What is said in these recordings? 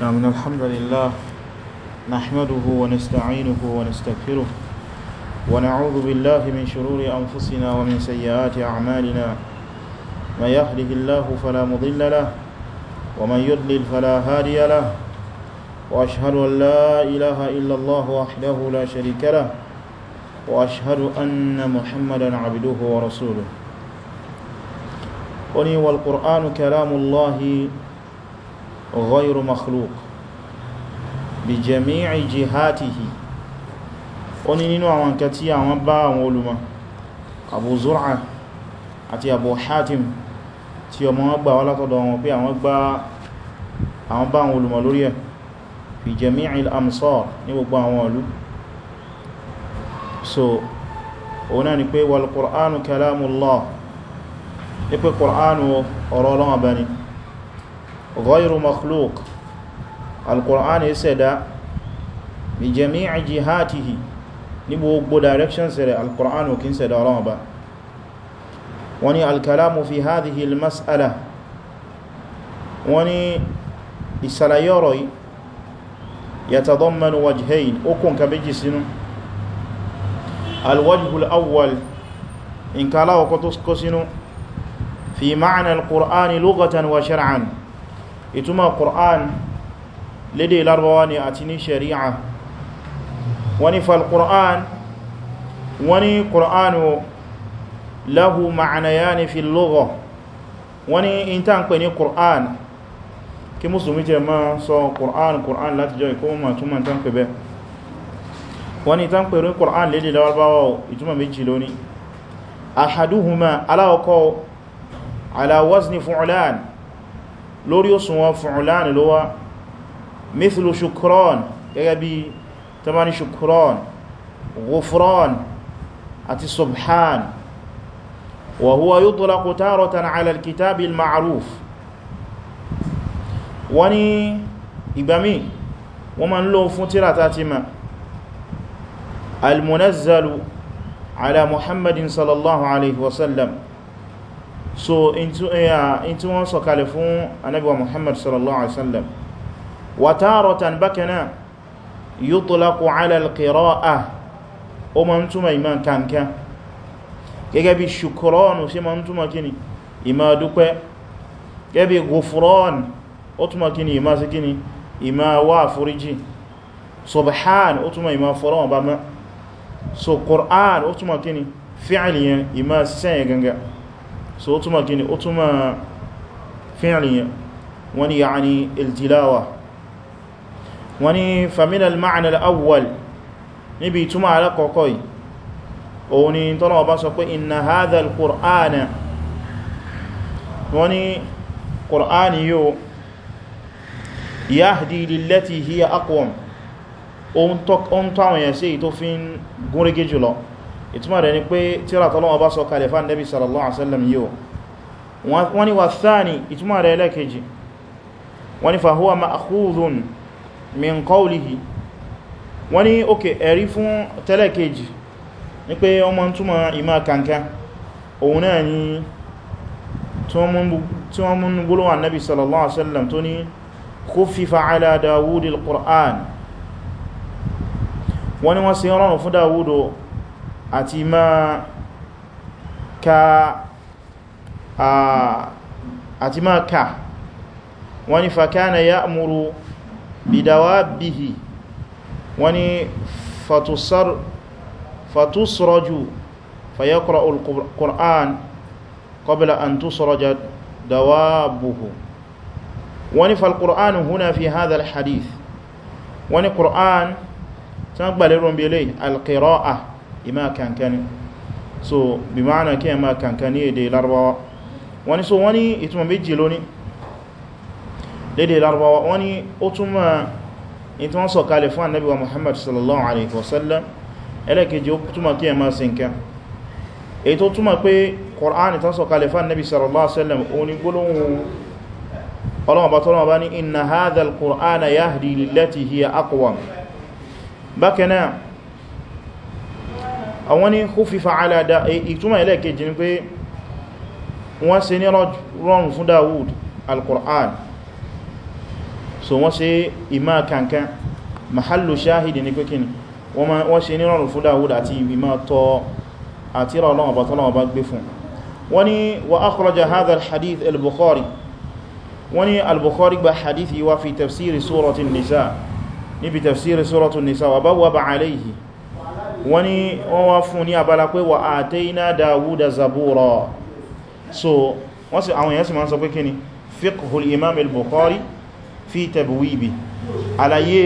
نعم الحمد لله نحمده ونستعينه ونستغفره ونعوذ بالله من شرور أنفسنا ومن سيئات أعمالنا ما يهده الله فلا مضل له ومن يضلل فلا هادي له وأشهد أن لا إله إلا الله وحده لا شريك له وأشهد أن محمدا عبده ورسوله قل والقرآن كلام الله غير مخلوق بجميع جهاته ó ní nínú àwọn nǹkan tí àwọn bá àwọn olùmọ̀ Abu Zur'a àti Abu Hatim tí ọmọ wọn gbà wá látọ̀dọ̀ wọn pé àwọn gbá àwọn bá àwọn olùmọ̀ lórí ẹ̀ fi jami'il amsar ní gbogbo àwọn ìlú so òun náà ni pé wal Qur'anu kalamullah ní pé Qur'anu ọ̀rọ̀ Ọlọ́run bá غير مخلوق القرآن يسدى بجميع جهاته نبوغبو directions القرآن وكين سدى رابا وني الكلام في هذه المسألة وني السلايوري يتضمن وجهين أكون كبجي سينو الوجه الأول إن كلا وكتسكسن في معنى القرآن لغة وشرعا ìtumọ̀ Qur'an lédè Lárúbáwá ni àti ní shari'a wani fal Qur'an wani Qur'an lahu ma'anayani fil lugha wani in ta n pè ní Qur'an kí musulmi jẹ ma sọ Qur'an Qur'an láti jọ ikọ́ ma túnmọ̀ ta n pè bẹ́ wani ta pè ní Qur'an lédè Lárúbáwá ìtumọ̀ méjì lóní ahaduhuma aláwọ̀kọ́ ala wazni fu'lan lórí òsùnwọ̀n fu'lan ló wà mithlu shukran gẹ́gẹ́ bí tamani shukran ghufran àti subhan wa huwa yutlaqu taratan ala al-kitabi al-ma'ruf wani ìgbàmí wọ́n ma ń lò fún tírata ti ma al-munazzalu ala muhammadin sallallahu alaihi wasallam so in eh, ah, tí wọ́n sọ̀kalẹ̀ fún anábíwa muhammad sallallahu alaihi wasallam wa taratan bakana yutlaqu ala al-qira'ah o ma ń túnmà ìmá kankan gẹ́gẹ́ bí shukranu sí ma ń túnmà kíni ìmá dúpẹ́ gẹ́gẹ́ bí ghufran ó túnmà kíni ìmá sí kíni ìmá wà fúríjì subhan ó túnmà ìmá fọ́rọ̀ ọba mẹ́ so qur'an ó túnmà kíni fi'liyan ìmá sẹ́yẹ gangan so ó túnmà gini ó túnmà fíìlìyàn wani ya'ani iltilawa wani famin al-ma'ana al-awwal níbi túnmà alákọ̀ọ́kọ́ yìí òun ni tọ́lọ̀ ọba sọ pé inna hadha al-qur'ana wani qur'ani yóò yahdi lillati hiya aqwam ohun tọ́wọ̀nyẹ̀ sí tó fi ń jùlọ ìtumọ̀ rẹ̀ ni pé tíra tọ́lọ́wọ́ bá sọ kalẹ̀ fán nẹ́bí sallallahu alaihi wasallam yíò wọ́n ni wà thani ìtumọ̀ rẹ̀ lẹ́kẹjì wọ́n ni fahuwa ma'khudhun min qawlihi wọ́n ni oké ẹ̀rí fún tẹ́lẹ̀kẹjì ní pé ọmọ túnmọ̀ ìmá kanka òun náà ni tí wọ́n mún gbólówà nẹ́bí sallallahu alaihi wasallam tó ni àti máa ka àti máa ka wọ́n ni fakana ya'muru bidawabihi wọ́n ni fatusraju fayaqra'u al-Qur'an qabla an tusraja dawabuhu wọ́n ni fal-Qur'an fi hadha al-hadith wọ́n tán gbàlérò bí ilé al-qira'ah ìmá kankani so bí ma'ana kí ẹmá kankani èdè larbawa wani so wani ìtumọ̀ méjì lóní lédè larbawa wani ó túnmà ìtí wọ́n sọ kalẹ̀ fún annabi wa muhammad sallallahu alaihi wasallam ẹlẹ́kejì ó túnmà kí ẹmá sinka èyí tó túnmà pé Qur'ani tán sọ kalẹ̀ fún annabi sallallahu alaihi wasallam ó ní gbólóhùn ọlọ́wọ́ bá tọ́lọ́wọ́ bá ní inna hadha al-Qur'ana yahdi lillati hiya aqwam bákanáà àwọn ní khufifa ala da ìtumọ̀ ẹlẹ́kejì ni pé wọ́n ṣe ní rọrùn fún Dawud al-Qur'an so wọ́n ṣe ìmá kankan mahallu shahidi ni pẹ́kini wọ́n ṣe ní rọrùn fún Dawud àti ìmá tọ́ àti rọrùn ọ̀bọ̀tọ́lọ́wọ́ bá gbé fún wọ́n ní wa akhraja hadha al-hadith al-Bukhari wọ́n ní al-Bukhari gba hadith yi wọ́n ní wọ́n wá fún ní abala pé wà àtẹ́yìnà Dawuda zabura so wọ́n sì àwọn èèyàn sì máa ń sọ pé kí ni fiqhul imam al-Bukhari fi tabwibi àlàyé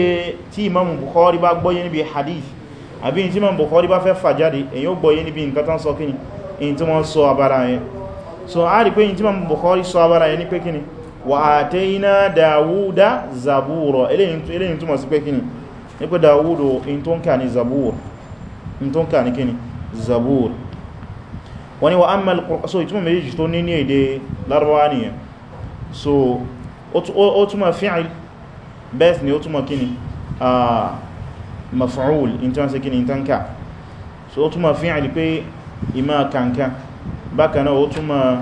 tí imam Bukhari bá gbọ́yé níbi hadith àbí tí imam Bukhari bá fẹ́ fàjáde èyí ó gbọ́yé níbi nǹkan sọ kí ni tí wọ́n sọ abala yẹn so a rí pé èyí tí imam Bukhari sọ abala yẹn ní pé kí ni wà àtẹ́yìnà Dawuda zabura eléyìn túnmọ̀ sí pé kí ni ní pé Dawudu in tó ń kà ní zabura in tó ń kà ní kíni zabur wani wa amma so ìtumọ̀ méjì tó ní ní èdè larabawa nìyẹn so ó túmọ̀ fi'il bẹ́ẹ̀ ni ó túmọ̀ kíni a maf'ul in tó ń ṣe kíni in tó ń kà so ó túmọ̀ fi'il pé ìmá kankan bákaná ó túmọ̀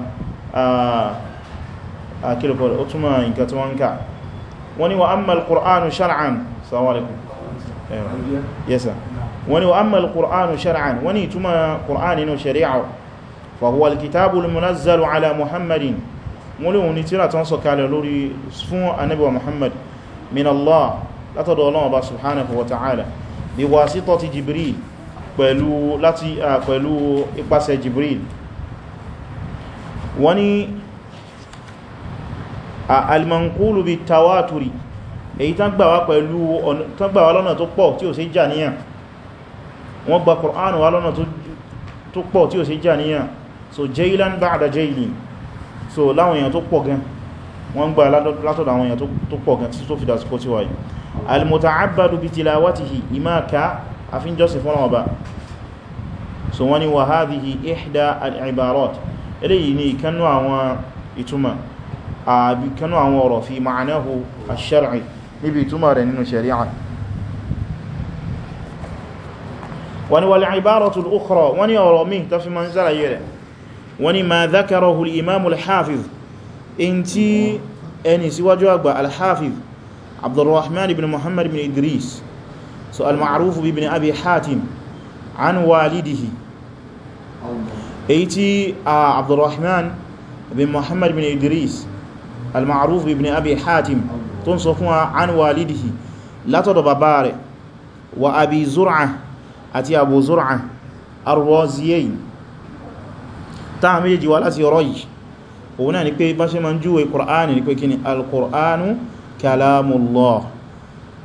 a kílùkọ́ ó túmọ̀ nǹkan wọ́n ń kà wani wa amma al shar'an salamu yes sir wọ́n ni wa amma al-qur'anu shar'an wọ́n ni ìtumà qur'an nínú shari'a fa huwa al-kitabu al-munazzalu ala muhammadin wọ́n lè wọ́n ni tíra tán sọ kalẹ̀ lórí wa muhammad min allah látọ̀dọ̀ ọlọ́wọ́ ba subhanahu wa ta'ala bi wasitati jibril pẹ̀lú láti pẹ̀lú ipasẹ̀ jibril wọ́n ni al-manqulu bi tawaturi èyí tán gbà wá lọ́nà tó pọ̀ tí ó sì jà níyàn wọ́n gba Qur'an wà lọ́nà tó pọ̀ tí ó sì jà níyàn so jailan ba'da jailin so láwọn èèyàn tó pọ̀ gan wọ́n gba látọ̀dọ̀ àwọn èèyàn tó pọ̀ gan tó fi dásíkò tí wáyé al-muta'abbadu bi tilawatihi imaka afin jọ́sìn fún ọba so wọ́n ni wa wani wal ibaratu al-ukhra wani ọ̀rọ̀ mi ta fi man ṣàlàyé rẹ̀ wani ma dhakarahu hul imam al-hafiz in ti ẹni síwájú àgbà al-hafiz abdurrahman ibn muhammad ibn idris so al maarufu bi ibn abi hatim an walidihi èyí tí abdurrahman ibn muhammad ibn idris al maarufu bi ibn abi hatim tó ń sọ fún an walidihi látọ̀dọ̀ babare wa abi zur'a àti Abu Zur'a ar-Raziyayi táà méjèèjì wá láti ọ̀rọ̀ yìí òun náà ni pé bá ṣe ma ń júwe Qur'ani ni pé kíni al-Qur'anu kalamullah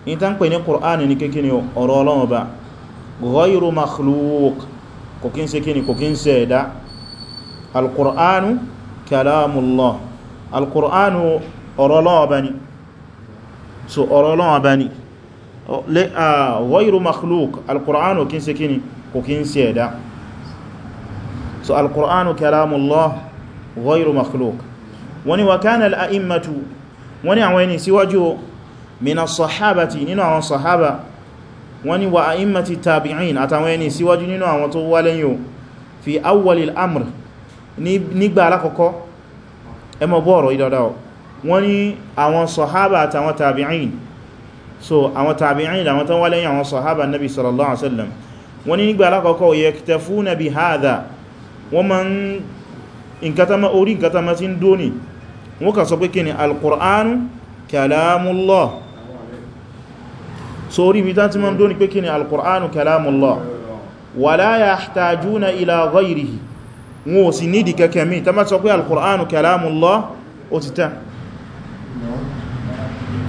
ní tá ń pè ní Qur'ani ni pé kíni ọ̀rọ̀ Ọlọ́run ba ghayru makhluq Ah, ghayru makhluq alkùránù kí n ṣe kíni kò kí n ṣe ẹ̀dá so alkùránù kalamullah ghayru makhluq wani wa kana al'a'immatu wani àwọn ẹni síwájú mina sahabati nínú àwọn sahaba wani wa a'immati tabi'in àtàwọn ẹni síwájú nínú àwọn tó wá lẹ́yìn fi awwalil amr nígbà alákọ̀ọ́kọ́ ẹmọ bọ́ọ̀rọ̀ ìdọ́dá wọ́n àwọn sahaba àtàwọn tabi'in so àwọn tabi'in àwọn tán wá lẹ́yìn àwọn sahaba nabi sallallahu alaihi wasallam wọ́n ní nígbà alákọ̀ọ́kọ́ yaktafuna bi hadha wọ́n ma ń inkatama orí inkatama ti ń dóní wọ́n kà sọ pé kí ni alkùránù kalamullah so orí ibi tán ti ma ń dóní pé kí ni alkùránù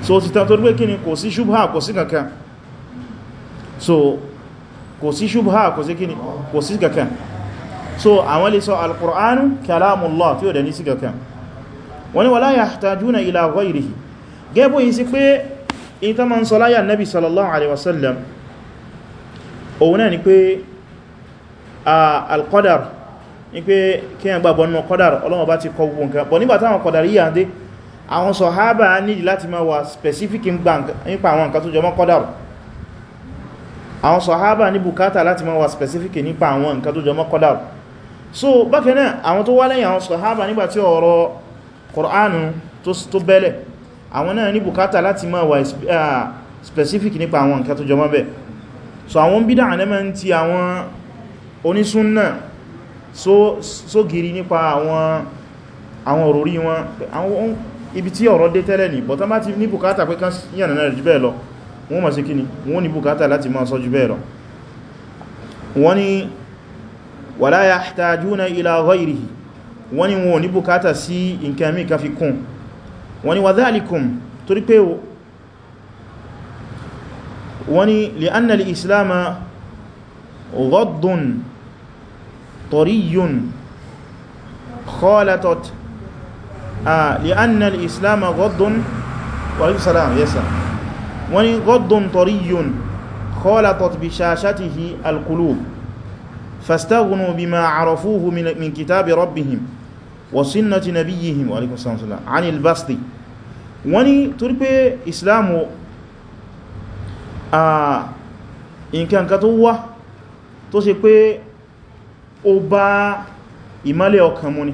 so ti ta torí pé kí ni kò sí ṣubha kò sí kankan so kò sí ṣubha kò sí kíni kò sí kankan so àwọn lè sọ al-Qur'an kalamullah tí ó dẹ̀ ní sí kankan wani wala yahtajuna ila ghayrihi gẹ́bọ̀ yìí sí pé in ta ma ń sọ láyà nabi sallallahu alaihi wasallam òun náà ni pé al-qadar ni pé kí yẹn gbàgbọ́n nù àwọn sọ̀hábà nídi láti máa wà specific nípa àwọn nǹkan tó jọmọ́ kọ́dàrù àwọn sọ̀hábà ní bùkátà láti máa wà specific nípa àwọn nǹkan tó jọmọ́ kọ́dàrù so bákanáà àwọn tó wá lẹ́yìn àwọn sọ̀hábà nígbà tí ọ̀rọ̀ Kùránù tó bẹ́lẹ̀ àwọn náà ní bùkátà láti máa wà specific nípa àwọn nǹkan tó jọmọ́ bẹ́ẹ̀ so àwọn bídà ànẹ́mẹ́ ti àwọn onísúnnà sógiri nípa àwọn òròrí wọn ibi tí ọ̀rọ̀ dé tẹ́lẹ̀ ní bọ̀tán bá ti ní bùkátà pé kán yànà náà jù bẹ́ẹ̀ lọ wọ́n ma ṣe kí ni wọ́n ní bùkátà láti máa sọ jù bẹ́ẹ̀ lọ wọ́n ní wala yahtajuna ila ghayrihi wọ́n ní wọ́n ní bùkátà sí nǹkan mí káfi kún wọ́n ní wa torí pé wọ́n ní li'anna al-islama ghaddun tariyyun khalatat لأن الإسلام غض وعليكم السلام يسا وني غض طري خلطت بشاشته القلوب فاستغنوا بما عرفوه من, من كتاب ربهم وسنة نبيهم وعليكم السلام والسلام عن البسط وني تربي إسلام آه إن كان كتوة tó ṣe pé ó bá ìmọ́lẹ̀ ọkàn mu ni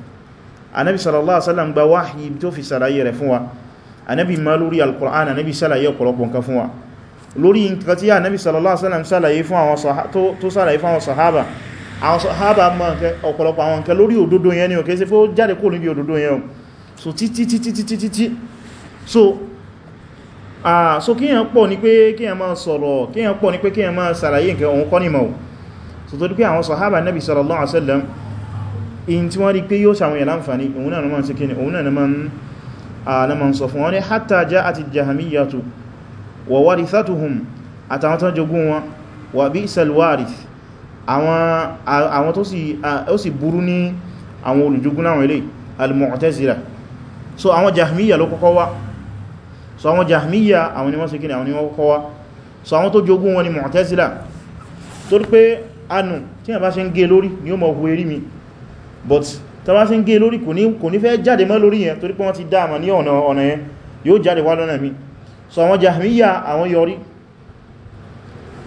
anabi sallallahu alaihi wasallam gba wahyi tó fi ṣàlàyé rẹ̀ fún wa anabi ma lórí alquran anabi ṣàlàyé ọ̀pọ̀lọpọ̀ nǹkan fún wa lórí nǹkan tí anabi sallallahu alaihi wasallam ṣàlàyé fún àwọn sahaba tó ṣàlàyé fún àwọn sahaba àwọn sahaba mọ̀ nǹkan ọ̀pọ̀lọpọ̀ àwọn nǹkan lórí òdodo yẹn ni o ke ṣe fẹ́ ó jáde kúrò níbi òdodo yẹn o so ti ti ti ti ti ti ti so ah so kiyan pọ̀ ni pé kiyan ma sọ̀rọ̀ kiyan pọ̀ ni pé kiyan ma ṣàlàyé nǹkan ohun kò ní mọ̀ so tó di pé àwọn sahaba nabi sallallahu alaihi wasallam in tí wọ́n rí pé yóò sàwọn yà láǹfàní òun náà ma ń ṣe kíni òun náà ma ń sọ fún wọn ni hatta ja'ati jahamiyatu wa warithatuhum àtàwọn tán jogún wọn wa bi'sal warith àwọn tó sì burú ní àwọn olùjogún láwọn ilé al so àwọn jahmiya ló kọ́kọ́ wá so àwọn jahmiya àwọn ni wọ́n ṣe kíni àwọn ni kọ́kọ́ wá so àwọn tó jogún wọn ni mu'tazila torí pé anù tí a bá ṣe but tàbá sí ń gé lórí kò ní fẹ́ jáde mọ́ lórí yẹn torí pé wọ́n ti dáàmà ní ọ̀nà ọ̀nà yẹn yóò jáde wá lọ́nà mi so àwọn jahmiya àwọn yọrí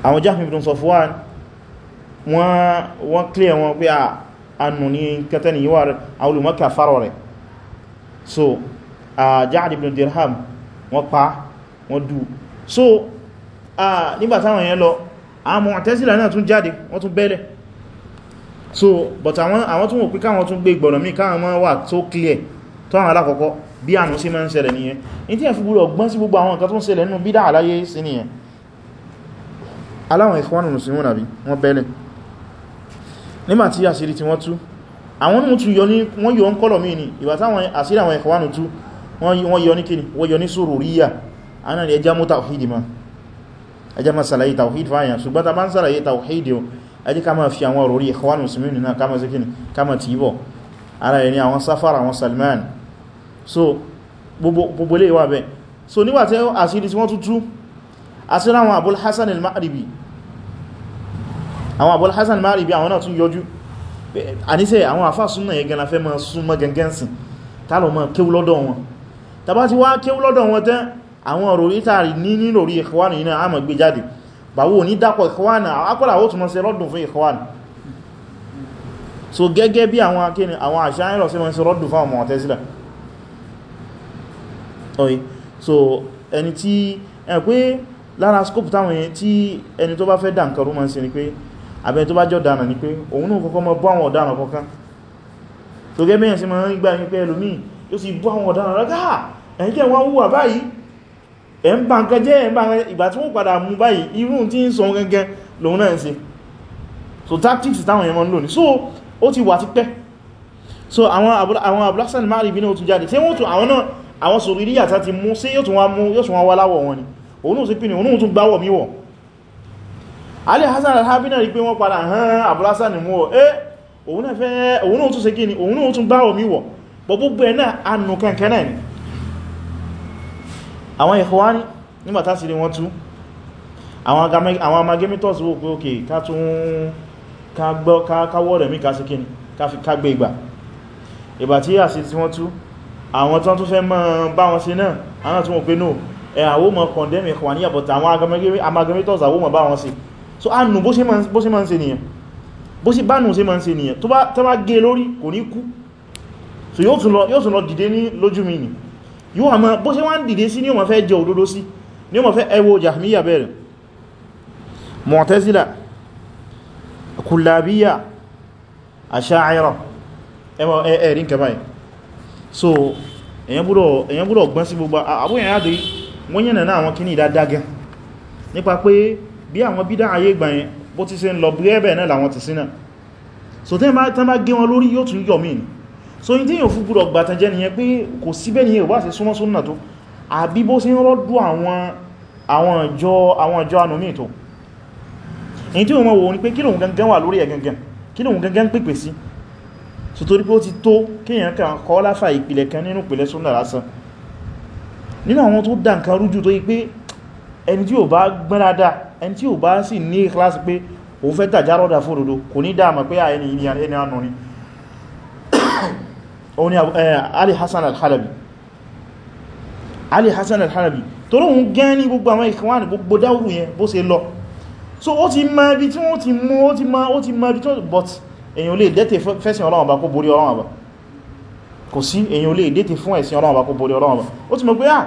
àwọn jahmi ibn Safwan wọ́n wọ́n clear wọn pé àánú ní kẹtẹni yíwa rẹ̀ àwọn olùmọ́kà farọ rẹ̀ so a Ja'd ibn Dirham wọ́n pa wọ́n dù so nígbàtàwọn yẹn lọ àwọn Mu'tazila náà tún jáde wọ́n tún bẹ́lẹ̀ so but àwọn àwọn tún wò pé káwọn tún gbé gbọ̀nà mí káwọn máa wà tó clear tó àwọn alákọ̀ọ́kọ́ bí àánú sí máa ń ṣẹlẹ̀ nìyẹn in tí ẹ̀ fi gbúrọ̀ gbọ́n sí gbogbo àwọn nǹkan tó ń ṣẹlẹ̀ nínú bídá àláyé sí nìyẹn aláwọn ìfọ́nù mùsùlùmí nàbí wọ́n bẹ́lẹ̀ nígbàtí àṣírí tí wọ́n tú àwọn onímù tún yọ ní wọ́n yọ ń kọ́lọ̀ míì ni ìgbà táwọn àṣírí àwọn ìfọ́nù tú wọ́n yọ ní kíni wọ́n yọ ní sururiyya àwọn ẹja mú tawhid ma ẹja ma sàlàyé tawhid fáyà ṣùgbọ́n ta bá ń sàlàyé tawhid yóò ẹjí ká máa fi àwọn ọ̀rọ̀ orí Ikhwan Muslimin náà ká máa sí kíni ká máa tí bọ̀ ara ẹni àwọn Safar àwọn Salman so gbogbo lè wà bẹ́ so nígbàtí àṣírí tí wọ́n tútú àṣírí àwọn Abul Hasan al-Ma'ribi àwọn Abul Hasan al-Ma'ribi àwọn náà tún yọjú àníṣẹ́ àwọn àfáà súnnà yẹ gan afẹ́ máa súnmọ́ gangan sìn tálọ̀ máa kéwú lọ́dọ̀ wọn tàbá ti wá kéwú lọ́dọ̀ wọn tẹ́ àwọn bàwó ní dákọ̀ ìkọwàna akọ́lá ó túnmọ́ sí rọ́dùn fún ìkọwàna so gẹ́gẹ́ bí àwọn akíni àwọn àṣáyìnrọ̀ sí mọ́ sí rọ́dùn fún àwọn Mu'tazila oye so ẹni tí ẹ pé lára scope táwọn tí ẹni tó bá fẹ́ dànkarú mọ́ sí ni pé àbẹni tó bá jọ dànà ni pé òun náà kọ́kọ́ mọ́ bọ́ àwọn ọ̀daràn kọ́kán so gẹ́gẹ́ bí ẹ̀yàn sí mọ́ ń gbà ní pé ẹlòmíì yóò sì bọ́ àwọn ọ̀daràn rẹ̀ gáà ẹ̀yìn kẹ́ wọ́n wúwà báyìí ẹ̀ ń bá nǹkan jẹ́ ẹ̀ ń bá nǹkan ìgbà tí wọ́n padà mú báyìí irú tí ń sọ gẹ́gẹ́ lòun náà ń so tactics táwọn èèyàn lò so ó ti wà tipẹ́ so àwọn abúlásán máa rí bí náà tún jáde tí wọ́n tún àwọn náà àwọn sòrírí àtà ti mú sí yóò tún wá mú yóò tún wá wá láwọ̀ wọn ni òun náà sí pínì òun tún gbáwọ̀ míwọ̀ alẹ́ Hassan al-Habi náà rí pé wọ́n padà hàn abúlásán ni mú ọ eh òun náà tún ṣe kí ni òun náà tún gbáwọ̀ míwọ̀ bọ̀ gbogbo ẹ̀ náà àwọn Ikhwani nígbàtá sí rí wọ́n tú àwọn amagemitors wò pé òkè ká tún káwọ́ rẹ̀ mí ká sí kíni ká gbé ìgbà ìgbà tí àṣì tí wọ́n tú àwọn tán tún fẹ́ mọ́ bá wọn ṣe náà àwọn tún wọ́n pé no ẹ̀ àwọn mọ̀ condemn Ikhwani àbọ̀tà àwọn amagemitors àwọn mọ̀ bá wọn ṣe so a nù bó ṣe máa ń ṣe nìyàn bó sì bá nù ṣe máa ń ṣe nìyàn tó bá gé lórí kò ní kú so yóò tún lọ dìde ní lójú mi yóò àmọ́ bó ṣe wọ́n dìde sí ní o ma fẹ́ jẹ òdodo sí ní o ma fẹ́ ẹwọ jahmiya bẹ̀rẹ̀ mu'tazila kullabiya asha'ira ẹmọ ẹ̀rin kẹbàáyì so èyàn gbúrọ̀ gbọ́n sí gbogbo àbúyàn yàdì wọ́n yẹ̀nà náà àwọn kíní ìdádágẹ́ nípa pé bí àwọn bídá ayé gbàyẹn bó ti ṣe ń lọ bí ẹ̀bẹ̀ náà làwọn ti sí náà so tẹ́ bá gé wọn lórí yóò tún yọ̀ mìí so in tí yíò fún gúrọ̀ gbàtàn jẹ́ nìyẹn pé kò síbẹ̀ ní ẹ̀wà sí súnmọ́ súnnà tó àbí bó sí rọ́dú àwọn ìjọ anùmí tó in tí o mọ̀ wò ní pé kí lòun gangan wà lórí ẹ̀ gangan kí lòun gangan pèpè sí so torí pé ó ti tó kíyàn kan kọ́ láfà ìpìlẹ̀ kan nínú ìpìlẹ̀ súnnà lásán nínú àwọn tó dá nǹkan rújú tó yí pé ẹni tí ò bá gbọ́n dáadáa ẹni tí ò bá sì ní kíláàsì pé òun fẹ́ tàjárọ́dà fòròdó kò ní dáàmà pé àyẹni ìní ànú ni òun ni eh, Ali Hassan al-Halabi Ali Hassan al-Halabi tó lóhun gẹ́ ní gbogbo àwọn ìkwáni gbogbo dáwùrù yẹn bó ṣe lọ so ó ti ma ibi tí wọ́n ti mú ó ti ma ó ti ma ibi tí wọ́n but èyàn lè dẹ́tẹ̀ fẹ́sìn Ọlọ́run bá kó borí Ọlọ́run bá kò sí èyàn lè dẹ́tẹ̀ fún ẹ̀sìn Ọlọ́run bá kó borí Ọlọ́run ó ti mọ̀ pé ah,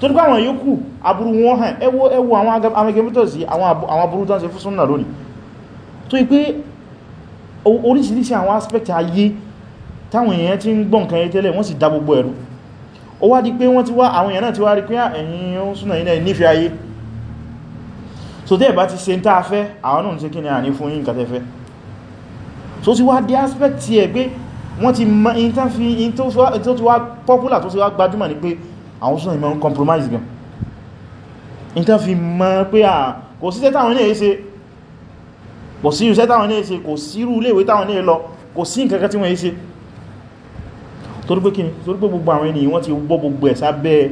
tó ní pàwọn yòókù aburú wọn hàn ẹwọ ẹwọ àwọn agamẹ́gẹ́mítọ̀sí àwọn aburú tán ṣe fún súnnà lónìí tó yí pé oríṣìíríṣìí àwọn aspect ayé táwọn èèyàn ti ń gbọ́n kan tẹ́lẹ̀ wọ́n sì dá gbogbo ẹ̀rù ó wá di pé wọ́n ti wá àwọn èèyàn náà ti wá rí pé ah, ẹ̀yin súnnà ilẹ̀ so tẹ́ bá ti ṣe ń tàà fẹ́ ni àní fún so ti wá di aspect ti ẹ̀ pé wọ́n ti ma in tó ti popular tó ti wá gbajúmọ̀ àwọn súnà ìmọ̀ ń compromise gan in tán fi mọ́ pé à kò sí tẹ́tàwọn ilé ṣe kò sí ìrúsẹ́ táwọn ilé ṣe kò sí irú ilé ìwé táwọn ilé lọ kò sí nǹkankan tí wọ́n ṣe torí pé kíni torí pé gbogbo àwọn ènìyàn wọ́n ti gbọ́ gbogbo ẹ̀ sábẹ́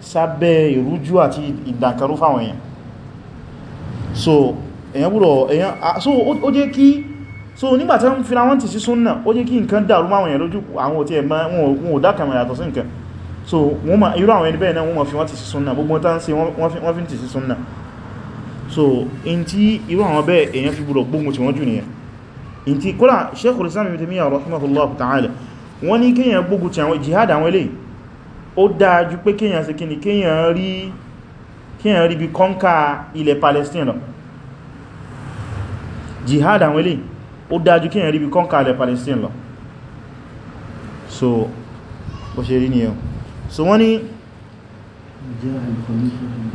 sábẹ́ ìrújú àti ìdàkarú fáwọn èèyàn so èèyàn gbúrọ̀ èèyàn so ó jẹ́ kí so nígbàtí wọ́n fi ra wọ́n ti sí súnnà ó jẹ́ kí nǹkan dàrú máwọn èèyàn lójú àwọn òtí ẹ̀mọ́ wọn ò dákàmà yàtọ̀ sí nǹkan so wọ́n ma irú àwọn ẹni bẹ́ẹ̀ náà wọ́n ma fi wọ́n ti sí súnnà gbogbo tán sí wọ́n fi ti sí súnnà so in tí irú àwọn bẹ́ẹ̀ èyàn fi gbúrò gbógun tí wọ́n jù nìyàn in tí kódà Sheikhul Islam Ibn Taymiyyah rahimahullahu ta'ala wọ́n ní kíyàn gbógun ti àwọn jihad àwọn ilé ó dáa ju pé kíyàn sí kíni kíyàn rí kíyàn rí bí kọ́nká ilẹ̀ Palestine lọ jihad àwọn so bó ṣe rí nìyàn so wọ́n ni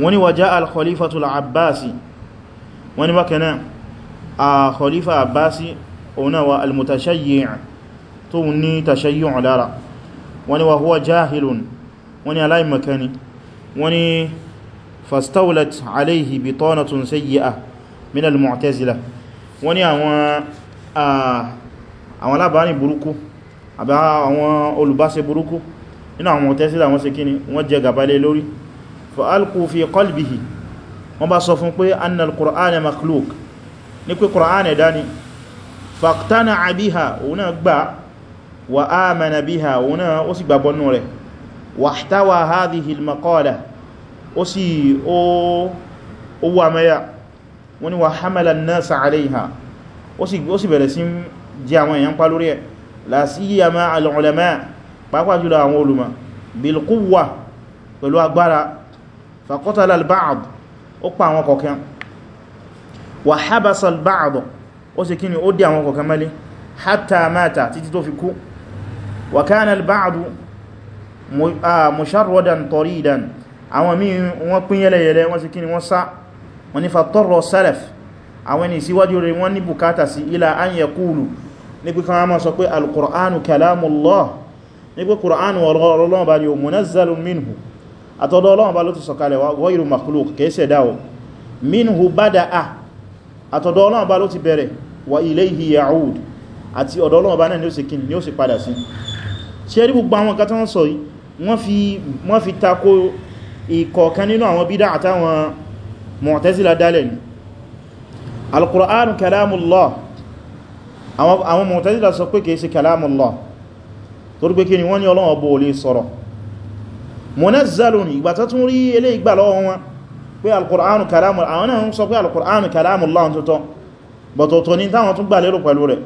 wọ́n ni wàjá al-khalifatul abbasi wọ́n ni bákanáà a khalifa abbasi ọ̀nà wa al-mutashayyi' tó ní tashayyi' lára wọ́n ni wa huwa jahilun wọ́n ni aláìmakani wọ́n ni fastaulat alayhi bitanatun sayyi'ah min al-mu'tazila wọ́n ni àwọn àwọn alábàárin burúkú àbí àwọn olùbáṣe nínú àwọn tẹ́sílà wọ́n ṣe kíni wọ́n jẹ gàbálẹ̀ lórí fa alqu fi qalbihi wọ́n bá sọ fún pé anna al-qur'ana makhluq ní pé qur'an ẹ̀dá ni faqtana'a biha òun náà gbà wa amana biha òun ó sì gbàgbọ́ nú rẹ̀ wà mẹ́yà wọ́n la siyama al-ulama pàápàá jùlọ àwọn olùmọ̀ bilkuwa pẹ̀lú agbára faqatala al-ba'd ó pa àwọn kọ̀kan wa habasa al-ba'd ó sì kíni ó dí àwọn kọ̀kan mẹ́lé hatta mata títí tó fi kú wa kana al-ba'd musharradan taridan àwọn míì wọ́n pín yẹlẹyẹlẹ wọ́n sì kíni wọ́n sá wọ́n ní fatarra salaf àwọn ẹni rẹ̀ wọ́n ní bùkátà sí ila an yaqulu ní pé máa sọ pé al kalamullah ní pé Qur'an Ọlọ́run bá ní o munazzalun minhu àtọ́dọ̀ Ọlọ́run bá ló ti sọ̀kalẹ̀ wá ghayru makhluq kẹsẹ̀ dáwọ̀ minhu bada'a àtọ́dọ̀ Ọlọ́run bá ló ti bẹ̀rẹ̀ wa ilayhi ya'ud àti ọ̀dọ̀ Ọlọ́run bá náà ni ó sì kí ni ó sì padà sí ṣe rí gbogbo àwọn nǹkan tó ń sọ yìí wọ́n fi tako ìkọ̀ọ̀kan torí pé kí ni wọ́n ní Ọlọ́run ọbọ̀ olè sọ̀rọ̀ munazzalun ìgbà tó tún rí ilé ìgbà lọ́wọ́ wọn pé alkùránù kalamu àwọn náà ń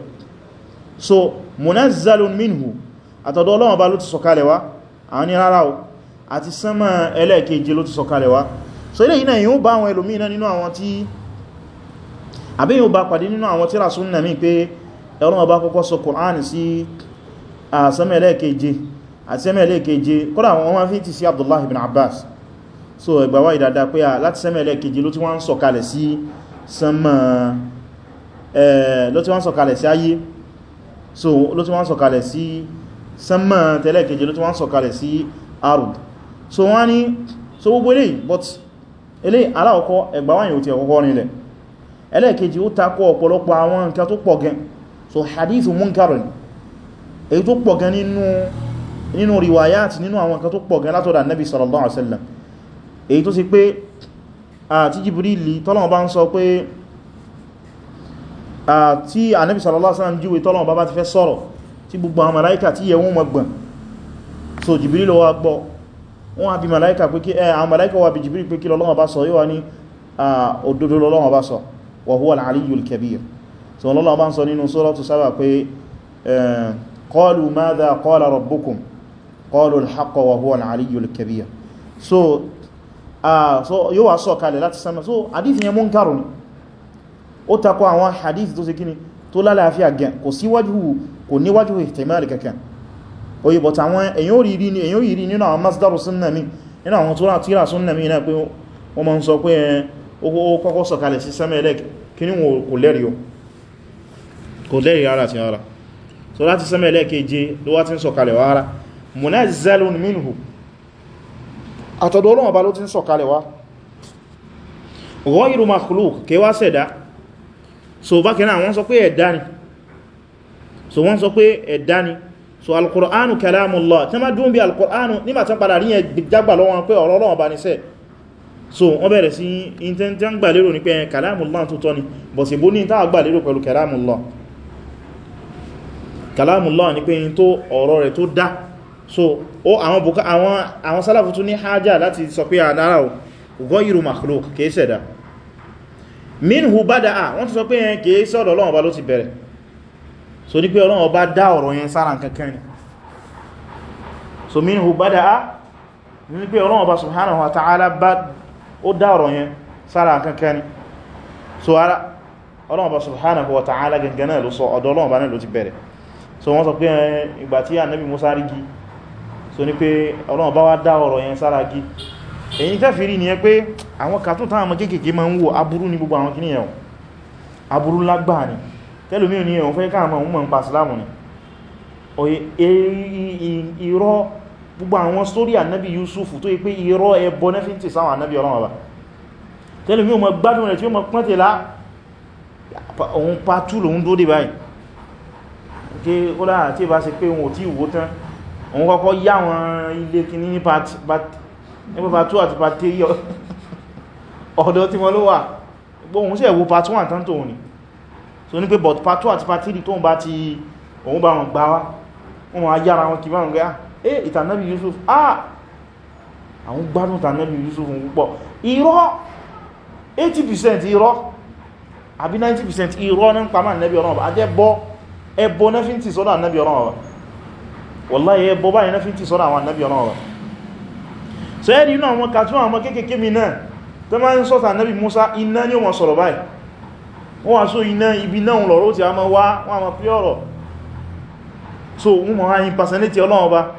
sọ so munazzalun minhu àtọ̀dọ̀ Ọlọ́run bá ló ti sọ̀kalẹ̀ wá àwọn ní rárá so ilé iná yíó bá àwọn ẹlòmí iná nínú àwọn tí àbí yíó bá pàdé nínú àwọn tírà súnnà mi pé Ọlọ́run bá kọ́kọ́ sọ kùránì sí àsẹ́mẹ̀lẹ́keje kọ́lá àwọn wọ́n fi ti sí Abdullahi ibn Abbas so ẹgbàwà ìdàdà pé à ah, láti sẹ́mẹ̀lẹ́keje ló ti wọ́n sọ̀kalẹ̀ sí sánmà ló ti ayé so ló ti wọ́n sọ̀kalẹ̀ sí sánmà tẹ́lẹ̀keje ló ti wọ́n sọ̀kalẹ̀ sí arud so wọ́n ní so gbogbo eléyìí but eléyìí aláwọ̀kọ́ ẹgbàwà yìí ò ti ẹ̀kọ́kọ́ rinlẹ̀ ẹlẹ́ẹ̀kejì ó takọ ọ̀pọ̀lọpọ̀ àwọn nǹkan tó pọ̀ gan so hadithu munkarin èyí tó pọ̀ gan nínú nínú riwayat nínú àwọn kan tó pọ̀ gan látọ̀dọ̀ annabi sallallahu alaihi wasallam èyí tó sì pé àti jibrili tọ́lọ̀wọ́ bá ń sọ pé àti annabi sallallahu alaihi wasallam jíwe tọ́lọ̀wọ́ bá ti fẹ́ sọ̀rọ̀ tí gbogbo àwọn màláíkà tí yẹ wọ́n mọ̀ gbọ̀n so jibril lọ wá gbọ́ wọ́n á bi màláíkà pé kí àwọn màláíkà wá lọ́lọ́wọ́ bá ń sọ nínú suratu Saba pé qalu madha qala rabbukum qalu al-haqqa wa huwa al-aliyyu al-kabir so ah so yóò wá sọ̀kalẹ̀ láti sánmà so hadith yẹn munkarun ni ó takọ àwọn hadith tó ṣe kíni tó lálàáfíà gẹn kò síwájú kò níwájú ihtimal kankan oye but àwọn èyàn òrìrí ni èyàn òrìrí nínú àwọn masdaru sunna mi nínú àwọn tó tíra sunna mi náà pé wọ́n ma ń sọ pé eh, ó kọ́kọ́ sọ̀kalẹ̀ sí sánmà ẹlẹ́k kí ni wọn kò lẹ́rìí o kò lẹ́rìí ara ti ara so láti sẹ́mẹ̀ lẹ́keje ló wá ti ń sọ̀kalẹ̀ wá ara munazzalun minhu àtọ̀dọ̀ Ọlọ́run ló ti ń sọ̀kalẹ̀ wá ghayru makhluq kẹwa sẹ̀dá so bákanáà wọ́n sọ pé so wọ́n sọ so alkùránù kalamullah tí ma dún bí alkùránù nígbà tán padà ríyẹn jágbà lọ́wọ́n pé ọ̀rọ̀ Ọlọ́run Ọba ní sẹ́ so wọ́n bẹ̀rẹ̀ sí intentangbalérò ní pé kalamullah tó tọ́ ni bọ̀sìbó ní ìtàgbàlérò pẹ̀lú kalamullah kalamullah ní pé yìí tó ọ̀rọ̀ rẹ̀ tó dá so ó àwọn buka àwọn àwọn sálàfù tún ní hajjá láti sọ pé àdára ò ghayru makhluq kìí ṣẹ̀dá minhu bada'a wọ́n ti sọ pé yẹn kìí sọ́dọ̀ Ọlọ́run ọba ló ti bẹ̀rẹ̀ so ní pé Ọlọ́run ọba dá ọ̀rọ̀ yẹn so minhu bada'a ní pé Ọlọ́run ọba subhanahu wa ta'ala bá ó dá ọ̀rọ̀ yẹn sára so ara Ọlọ́run ọba subhanahu wa ta'ala gangan náà ló sọ so wọ́n sọ pé eh, ìgbà tí ànábì Mùsá rígi so ní pé Ọlọ́run bá wá dá ọ̀rọ̀ yẹn sára gí èyí tẹ́fì ni ẹ pé àwọn kàtún táwọn ọmọ kéèkèé ma ń wò aburú ní gbogbo àwọn kìníyàn aburú lágbàá ni tẹ́lùmí ní ẹ̀wọ̀n fẹ́ káàmà e-, ń Yusuf tó yí pé irọ́ ẹbọ nẹ́fíntì sáwọn ànábì Ọlọ́run ọba tẹ́lùmí o mọ̀ gbádùn rẹ̀ tí ó mọ̀ pọ́ntẹ̀lá òun gé kódà tí bá ṣe pé wọn ò tí ìwó tán òun kọ́kọ́ yá wọn ilé kìíní ní part 2 àti part 3 ọ̀dọ̀ tí wọ́n ló wà gbóhun sí ẹ̀wò part 1 tán tóun ni so ní pé but part 2 àti part 3 tóun bá ti òun bá wọn gbá wá wọn á yára wọn kì bá wọn gẹ́ ah, eh ìtànàbí Yusuf ah àwọn gbádùn ìtànàbí Yusuf púpọ̀ irọ́ 80% irọ́ àbí 90% irọ́ ní pàmà nẹ́bí ọ̀rọ̀ àjẹ́bọ́ ẹbọ na fi ń tì sọ́dọ̀ annabi ọlọ́run ọba wallahi ẹbọ báyìí fi ń tì sọ́dọ̀ àwọn annabi so ẹ́rì inú àwọn kàtún àwọn kéèkéé mi náà tó máa ń Musa iná ni wọn sọ̀rọ̀ báyìí wọ́n sọ ibi a so ọba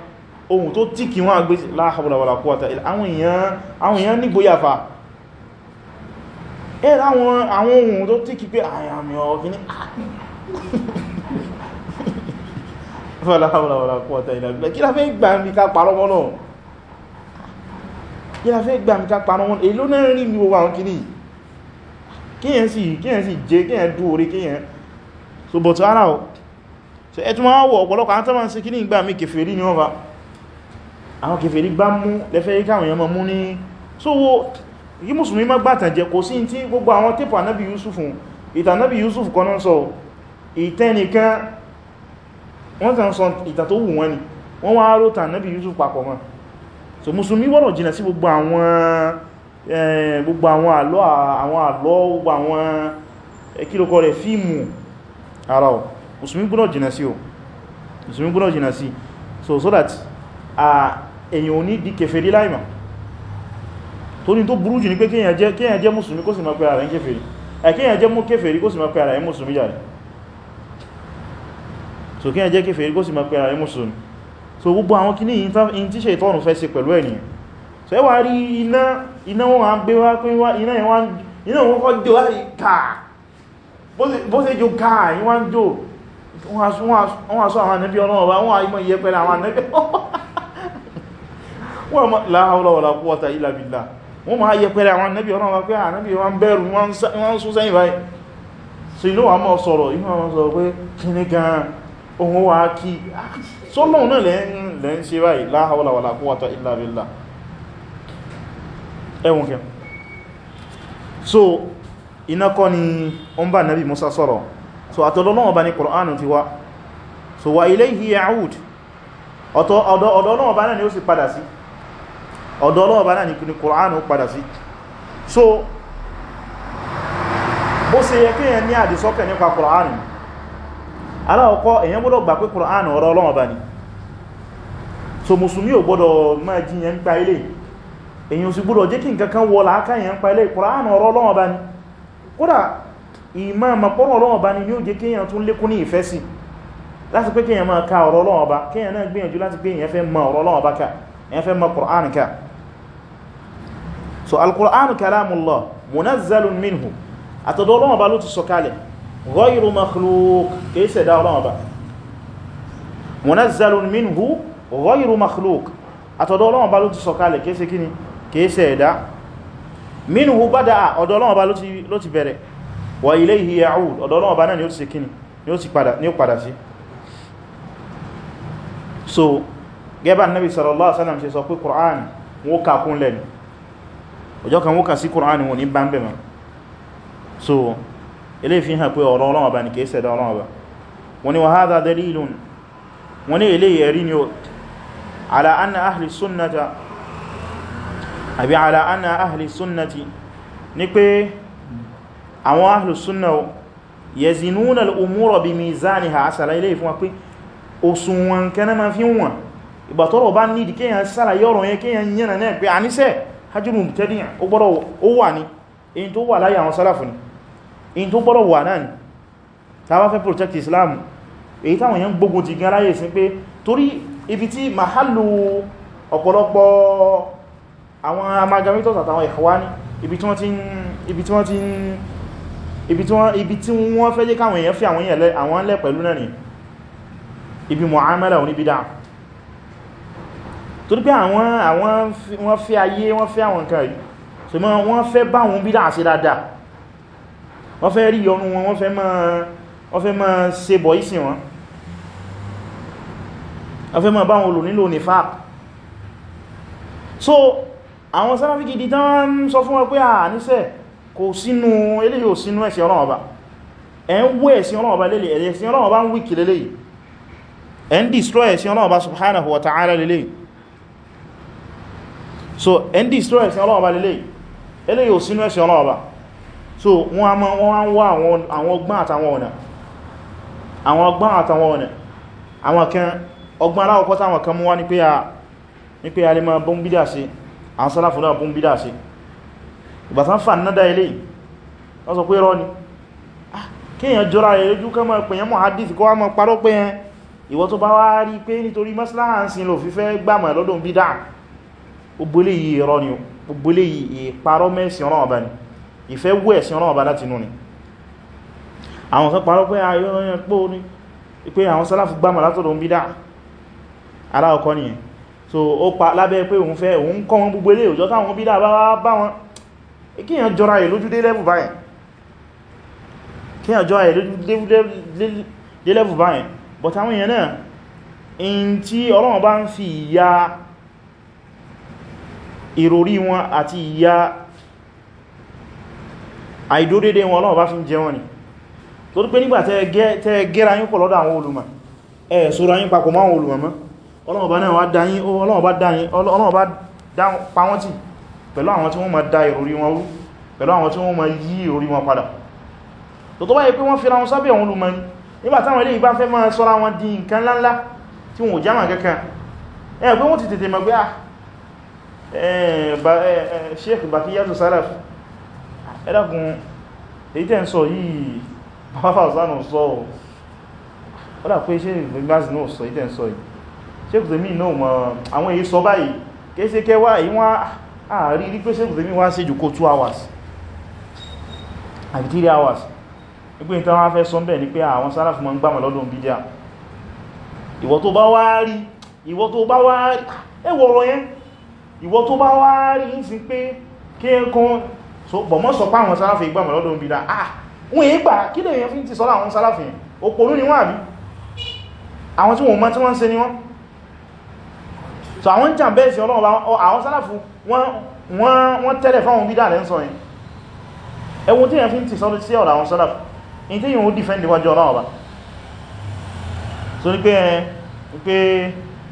ohun ẹ̀rọ àwọn ohun tó pé àyàmì wala hawla wala quwwata illa billah kí la fẹ́ gbà mí ká parọ́ mọ́ náà kí la fẹ́ gbà mí ká parọ́ mọ́ náà èlò náà rí mi gbogbo àwọn kìíní kíyàn sì kíyàn sì jẹ kíyàn dú orí kíyàn so bọ̀ tó ara ọ̀ so ẹ tún máa wọ ọ̀pọ̀lọpọ̀ àwọn tó máa ń ṣe kíní gbà mí kèfèrí ni wọ́n fa àwọn kèfèrí gbá mú lẹ́fẹ́ káwọn èèyàn máa mú ní so wo yí mùsùlùmí má gbàtàn jẹ kò sí tí gbogbo àwọn tépù ànábì Yusuf ìtànábì Yusuf kan wọ́n kàn sọ ìtàn tó wù wọ́n ni wọ́n wá rò tàn nábì Yusuf papọ̀ mọ́ so musulmi gbọ́dọ̀ jìnà sí gbogbo àwọn eh, gbogbo àwọn àlọ́ àwọn àlọ́ gbogbo àwọn eh, kílòkọ rẹ̀ fíìmù ara ọ̀ musulmi gbọ́dọ̀ jìnà sí o musulmi gbọ́dọ̀ jìnà sí so so that èyàn ò ní di kèfèrí láìmọ̀ tó ní tó burú jù ní pé kéèyàn jẹ́ musulmi kó sì máa pẹ́ ara ẹ̀ kèfèrí kéèyàn jẹ́ mú kèfèrí kó sì máa pẹ́ ara ẹ̀ musulmi jàre so kí ẹ jẹ́ kéfèé kó sì máa pẹ́ ààrẹ mùsùlùmí so gbogbo àwọn kí ní in tí ṣètọ́nù fẹ́ sí pẹ̀lú ènìyàn so ẹwà rí iná wọn wọ́n gbé wá pé iná wọn kọ́ jò láti káà bó ṣe jò káà yí wọ́n jò wọ́n aṣọ àwọn ànábí ọlọ́wọ́ bá wọ́n àìmọ̀ iye pẹ̀lú àwọn yẹ pẹ̀lú àwọn ànábí ọlọ́wọ́ pé ànábí wọn bẹ̀rù wọ́n sún sẹ́yìn báyìí so ìlú wa mọ́ sọ̀rọ̀ ìlú wa sọ̀rọ̀ pé kí ohun wa kí sọ́lọ́un ah, náà lẹ́ ń ṣe báyìí la hawla wala quwwata illa billah ẹwùn kẹ so iná kọ́ ni ó ń bá nabi musa sọ́rọ̀ so àtọ́lọ́lọ́wọ́ bá ní Qur'anu ti wá so wa ilayhi ya'ud ọ̀dọ́lọ́wọ́ bá náà ni ó sì padà sí ọ̀dọ́lọ́wọ́ aláwọ̀kọ́ èyàn gbọ́dọ̀ gbà pé Kùránì ọ̀rọ̀ Ọlọ́run bá ní so musulmi ò gbọ́dọ̀ máa jíyàn ń pa ilé èyàn sì gbọ́dọ̀ jẹ́ kí n kankan wọ láàká èyàn pa ilé Kùránì ọ̀rọ̀ Ọlọ́run bá ní kódà ìmọ̀ àmàpọ̀rọ̀ Ọlọ́run bá ní ni ó jẹ́ kí èyàn tún lékún ní ìfẹ́ sí láti pé so al-Qur'anu kalamullah munazzalun minhu àtọ̀dọ̀ Ọlọ́run bá ló ghayru makhluq kìí ṣẹ̀dá Ọlọ́run Ọba munazzalun minhu ghayru makhluq àtọ̀dọ̀ Ọlọ́run Ọba ló ti sọ̀kalẹ̀ kìí ṣe kíni kìí ṣẹ̀dá minhu bada'a ọ̀dọ̀ Ọlọ́run Ọba ló ti bẹ̀rẹ̀ wa ilayhi ya'ud ọ̀dọ̀ Ọlọ́run Ọba náà ni ó ti ṣe kíni ni ó ti padà ni ó padà sí so gẹ́bà nabi sallallahu alaihi wasallam ṣe sọ pé Qur'an wọ́n kàkún lẹ́nu ọjọ́ kan wọ́n kà sí Qur'an wọn ní bá ń bẹ̀mọ̀ so ilé fi hàn pé ọ̀rọ̀ Ọlọ́run Ọba ní kìí ṣẹ̀dá Ọlọ́run Ọba wọ́n ní wa hadha dalilun wọ́n ní ilé ẹ̀rí ni ó ala anna ahli sunnata àbí ala anna ahli sunnati ní pé àwọn ahli sunna yazinuna al-umura bi mizaniha asala ilé ìfún wa pé òsùn wọn kẹ́nà ma in tó gbọ́rọ̀ wà náà ta bá fẹ́ protect Islam èyí táwọn èèyàn gbógun ti gan láyé sí pé torí ibi tí mahallu ọ̀pọ̀lọpọ̀ àwọn amalgamators àtàwọn Ikhwani ibi tí wọ́n fẹ́ jẹ́ káwọn èèyàn fi àwọn èèyàn lẹ́ pẹ̀lú náà ni ibi mu'amala oníbídá torí pé àwọn wọ́n fẹ́ ayé wọ́n fẹ́ àwọn nǹkan yìí so wọ́n fẹ́ báwọn bídá àti dáadáa wọ́n fẹ́ rí ọrún wọn wọ́n fẹ́ máa wọ́n fẹ́ máa ṣe bọ̀ ìsìn wọn wọ́n fẹ́ máa bá wọn lò nílò ní fap so àwọn Salafi gidi tán ń sọ fún wọn pé à níṣẹ́ kò sínú eléyìí ò sínú ẹ̀sìn Ọlọ́run Ọba ẹ̀ ń wó ẹ̀sìn Ọlọ́run Ọba lélẹ̀ ẹ̀sìn Ọlọ́run Ọba ń wíkì lélẹ̀ ẹ̀ ń destroy ẹ̀sìn Ọlọ́run Ọba subhanahu wa ta'ala lélẹ̀ so ẹ̀ ń destroy ẹ̀sìn Ọlọ́run Ọba lélẹ̀ eléyìí ò sínú ẹ̀sìn Ọlọ́run Ọba so wọ́n a máa wọ́n wá àwọn ọgbọ́n àtàwọn ọ̀nà àwọn ọgbọ́n àtàwọn ọ̀nà àwọn kan ọgbọ́n aláwọ̀kọ́ táwọn kan mú wá ní pé a lè máa bọ́n bídà sí àwọn sálàfù náà bọ́n bídà sí ìgbàtán fà nádà ilé wọ́n pé rọ́ ni ah, kíyàn jọra rẹ̀ lójú ká máa pèyàn mọ̀ hadith kọ́ wá máa parọ́ pé yẹn ìwọ tó bá wá rí pé nítorí maslaha ń sin lò fífẹ́ gbàmọ̀ lọ́dún bídà gbogbo eléyìí irọ́ ni gbogbo ni ìfẹ́ wú ẹ̀sìn ọlọ́wọ́ bá láti inú ni àwọn kan parọ́ pé ayọ́yọ́ ah, pé ó ní pé àwọn sálàfù gbámà látọ̀dọ̀ ń bídá ará ọkọ́ nìyẹn so ó pa lábẹ́ pé òun fẹ́ òun kọ́ wọn gbogbo ilé òjò táwọn bídá bá wọn kíyàn jọra ẹ̀ lójú délẹ́bù báyẹn but àwọn èèyàn náà in tí Ọlọ́run bá ń fi ìyà ìròrí wọn àti ìyà àìdódédé wọn náà bá fi ń jẹ wọn ni tó rí pé nígbà tẹ́ gẹ́ra yín pọ̀ lọ́dọ̀ àwọn olùmọ̀ ẹ̀ sọ́rọ̀ yín papọ̀ máwọn olùmọ̀ mọ́ Ọlọ́run bá náà wá dá yín Ọlọ́run bá dá yín Ọlọ́run bá pa wọ́n tì pẹ̀lú àwọn tí wọ́n ma da ìròrí wọn rú pẹ̀lú àwọn tí wọ́n ma yí ìròrí wọn padà tó tó báyìí pé wọ́n fira wọn sábẹ́ àwọn olùmọ̀ ni nígbà táwọn ilé ìbá fẹ́ máa sọ́ra wọn di nǹkan ńláńlá tí wọn ò ti tètè mọ̀ pé à ah, eh, eh, eh, Sheikh Bakiyatu Salaf ẹ̀dàkùn èyí tẹ́ ń sọ yìí bàbá ọ̀sánà sọ ọ̀ ó dà pé ṣe ìgbàzì náà sọ ìtẹ́ ń sọ yìí ṣékùtẹ̀mí náà mọ̀ àwọn èyí sọ báyìí kéèsé kẹwà ìwọ̀n ààrí rí pé ṣékùtẹ̀mí wá sí jù kó 2 hours àbí 3 hours nígbé ìtàn wá fẹ́ sọ bẹ́ẹ̀ ni pé àwọn sálàfù mọ́ ń gbàmọ̀ lọ́dún bídíà ìwọ tó bá wá rí ìwọ tó bá wá rí ẹwọ̀rọ̀ yẹn ìwọ tó bá wá rí ń sin pé kí so bọ̀ mọ́ sọ páwọn sálàfí gbàmà lọ́dún bídá ah wọ́n èé gbà kí lè yẹn fi ti sọ́lá àwọn sálàfí òpònú ni wọ́n àbí àwọn tí wọ́n mọ́ tí wọ́n ṣe ni wọ́n so àwọn jà bẹ́ẹ̀ sí ọlọ́run àwọn sálàfí wọ́n tẹ́lẹ̀ fáwọn bídá lẹ́ sọ yẹn ẹwọ́n tí yẹn fi ti sọ́lá sí ọ̀rọ̀ àwọn sálàfí in tí yẹn ó dìfẹ́ndì wájú ọlọ́run ọba so ní pé pé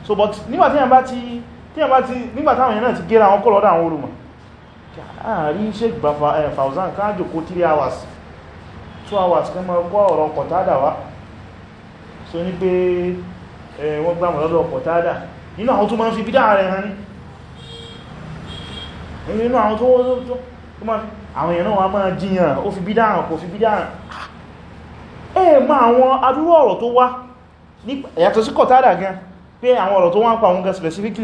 so but nígbà tí yẹn bá ti nígbà táwọn yẹn náà ti gẹ́ra àwọn kọ́lọ́dọ̀ àwọn olùmọ̀ àárín Sheikh eh, Fauzan káàjò kó 3 hours 2 hours kan mọ́ kọ́ ọ̀rọ̀ Qatada wá so ní pé wọ́n gbá mọ̀lọ́dọ̀ Qatada nínú àwọn tó máa ń fi bídá rẹ̀ hàn nínú àwọn tó àwọn èèyàn wọ́n máa jiyàn ó fi bídá hàn kò fi bídá hàn ẹ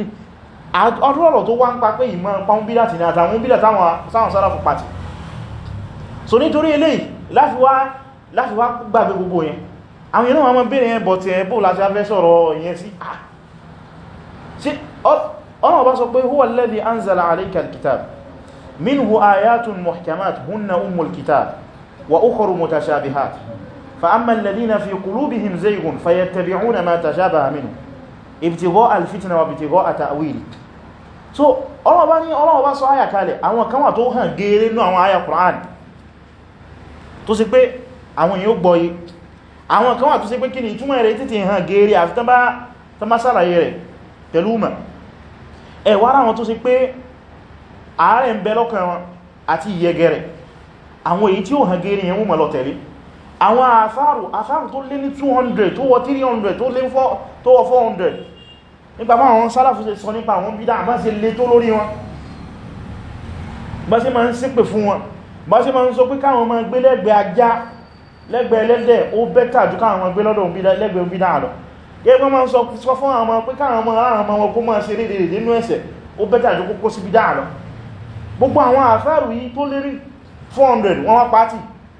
ọdúnrọ̀lọ̀ tó wá ń pa pé ìmọ̀ pàún bídá ti ní àtàwọn bídá táwọn sáràfù pàtì so nítorí eléyìí láfi wá gbàgbé gbogbo yẹn àwọn inú àwọn bèèrè yẹn bọ̀tí ẹ̀ bóò láti afẹ́ sọ̀rọ̀ yẹn sí ah. ọ̀nà ọba sọ pé huwa alladhi anzala alayka alkitab minhu ayatun muhkamat hunna ummul kitab wa ukhra mutashabihat fa amma ibtigọ́ alfitina wa ibtigọ́ àtàwìlì so ọlọ́ọ̀bá ní ọlọ́ọ̀bá sọ áyà kalẹ̀ àwọn kan wà tó hàn gẹ́ẹ̀rẹ́ ní àwọn áyà Qur'an tó sì pé àwọn èèyàn gbọ́yé àwọn kan wà tó sì pé kí ni ìtumọ̀ rẹ̀ títí hàn gẹ́ẹ̀rẹ́ àfi tán bá sàlàyé rẹ̀ pẹ̀lú mọ̀ ẹ̀wàrá wọn àwọn àfáàrù àfáàrù tó lé ní 200 tó wọ 300 tó lé tó wọ 400 nípa bá àwọn sálàfù ṣe sọ nípa àwọn bídá àbá ṣe lé tó lórí wọn bá ṣe ma ń ṣépè fún wọn bá ṣe ma ń sọ pé káwọn ma gbé lẹ́gbẹ̀ẹ́ ajá lẹ́gbẹ̀ẹ́ lẹ́dẹ̀ ó bẹ́tà jù káwọn gbé lọ́dọ̀ 400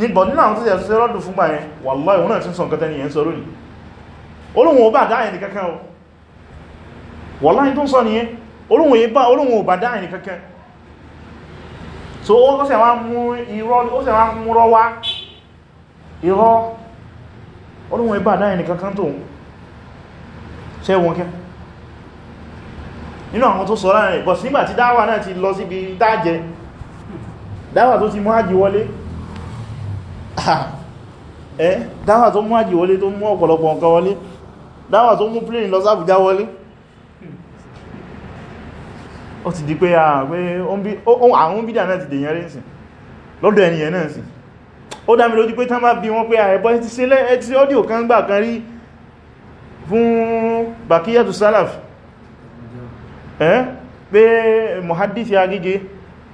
níbọ̀ nínú àwọn tó jẹ́ ṣe rọ́dù fún gbáyẹn wallahi òun náà tí ń sọ nǹkan tẹ́ni yẹn sọ lónìí olóhun ọba dáyẹ̀ ní kankan o wallahi tó ń sọ so ó sì wá mú irọ́ ó sì wá mú rọ́ wá irọ́ olóhun ọba dáyẹ̀ ní kankan tó ṣe wọn kẹ́ nínú àwọn tó sọ láàrin bọ̀ nígbà tí dáwà náà ti lọ síbi dájẹ dáwà tó ti mọ́ ájì ẹ́ eh? dáwà tó mú àjì wọlé tó mú ọ̀pọ̀lọpọ̀ nǹkan wọlé dáwà tó mú plane lọ wọlé ó ti di pé àwọn bídà náà ti dèyàn rí nsìn lọ́dọ̀ ẹniyàn náà sì ó dámi lójú pé tán bí wọn pé àẹ̀bọ́ salaf pe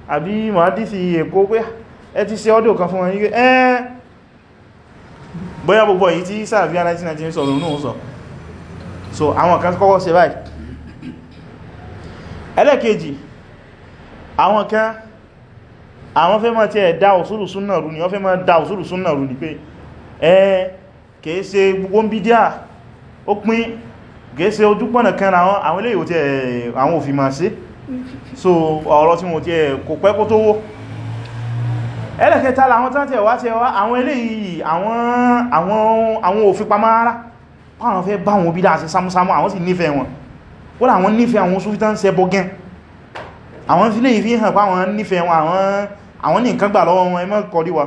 agige mohadisi ẹ ti ṣe ọdún kan fún wọn yíké ẹ́n bóyá gbogbo èyí tí sàfíà 1990 sọ̀rọ̀ náà sọ so àwọn kan kọ́kọ́ ṣe báyìí ẹlẹ́kejì àwọn kan àwọn fẹ́ máa ti ẹ̀ dá òsúrù súnnà rú ni wọ́n fẹ́ máa dá òsúrù súnnà rú ni pé ẹ kìí ṣe gbogbo ń bí díà ó pín kìí ṣe ojúpọ̀nà kan àwọn ilé ìwò tí àwọn òfin máa ṣe so ọ̀rọ̀ tí wọ́n ti ẹ̀ kò pẹ́ kó tó wó ẹlẹ́kẹta àwọn tán tẹ̀ wá tẹ̀ wá àwọn eléyìí àwọn òfin pamá ara pàwọn fẹ́ bá wọn bí dáa sí sámúsámú àwọn sì nífẹ̀ẹ́ wọn ó láwọn nífẹ̀ẹ́ àwọn Sufi tán ṣẹbọ gẹn àwọn fi lè fi hàn pàwọn nífẹ̀ẹ́ wọn àwọn ní nǹkan gbà lọ́wọ́ wọn ẹmọ́ kọríwa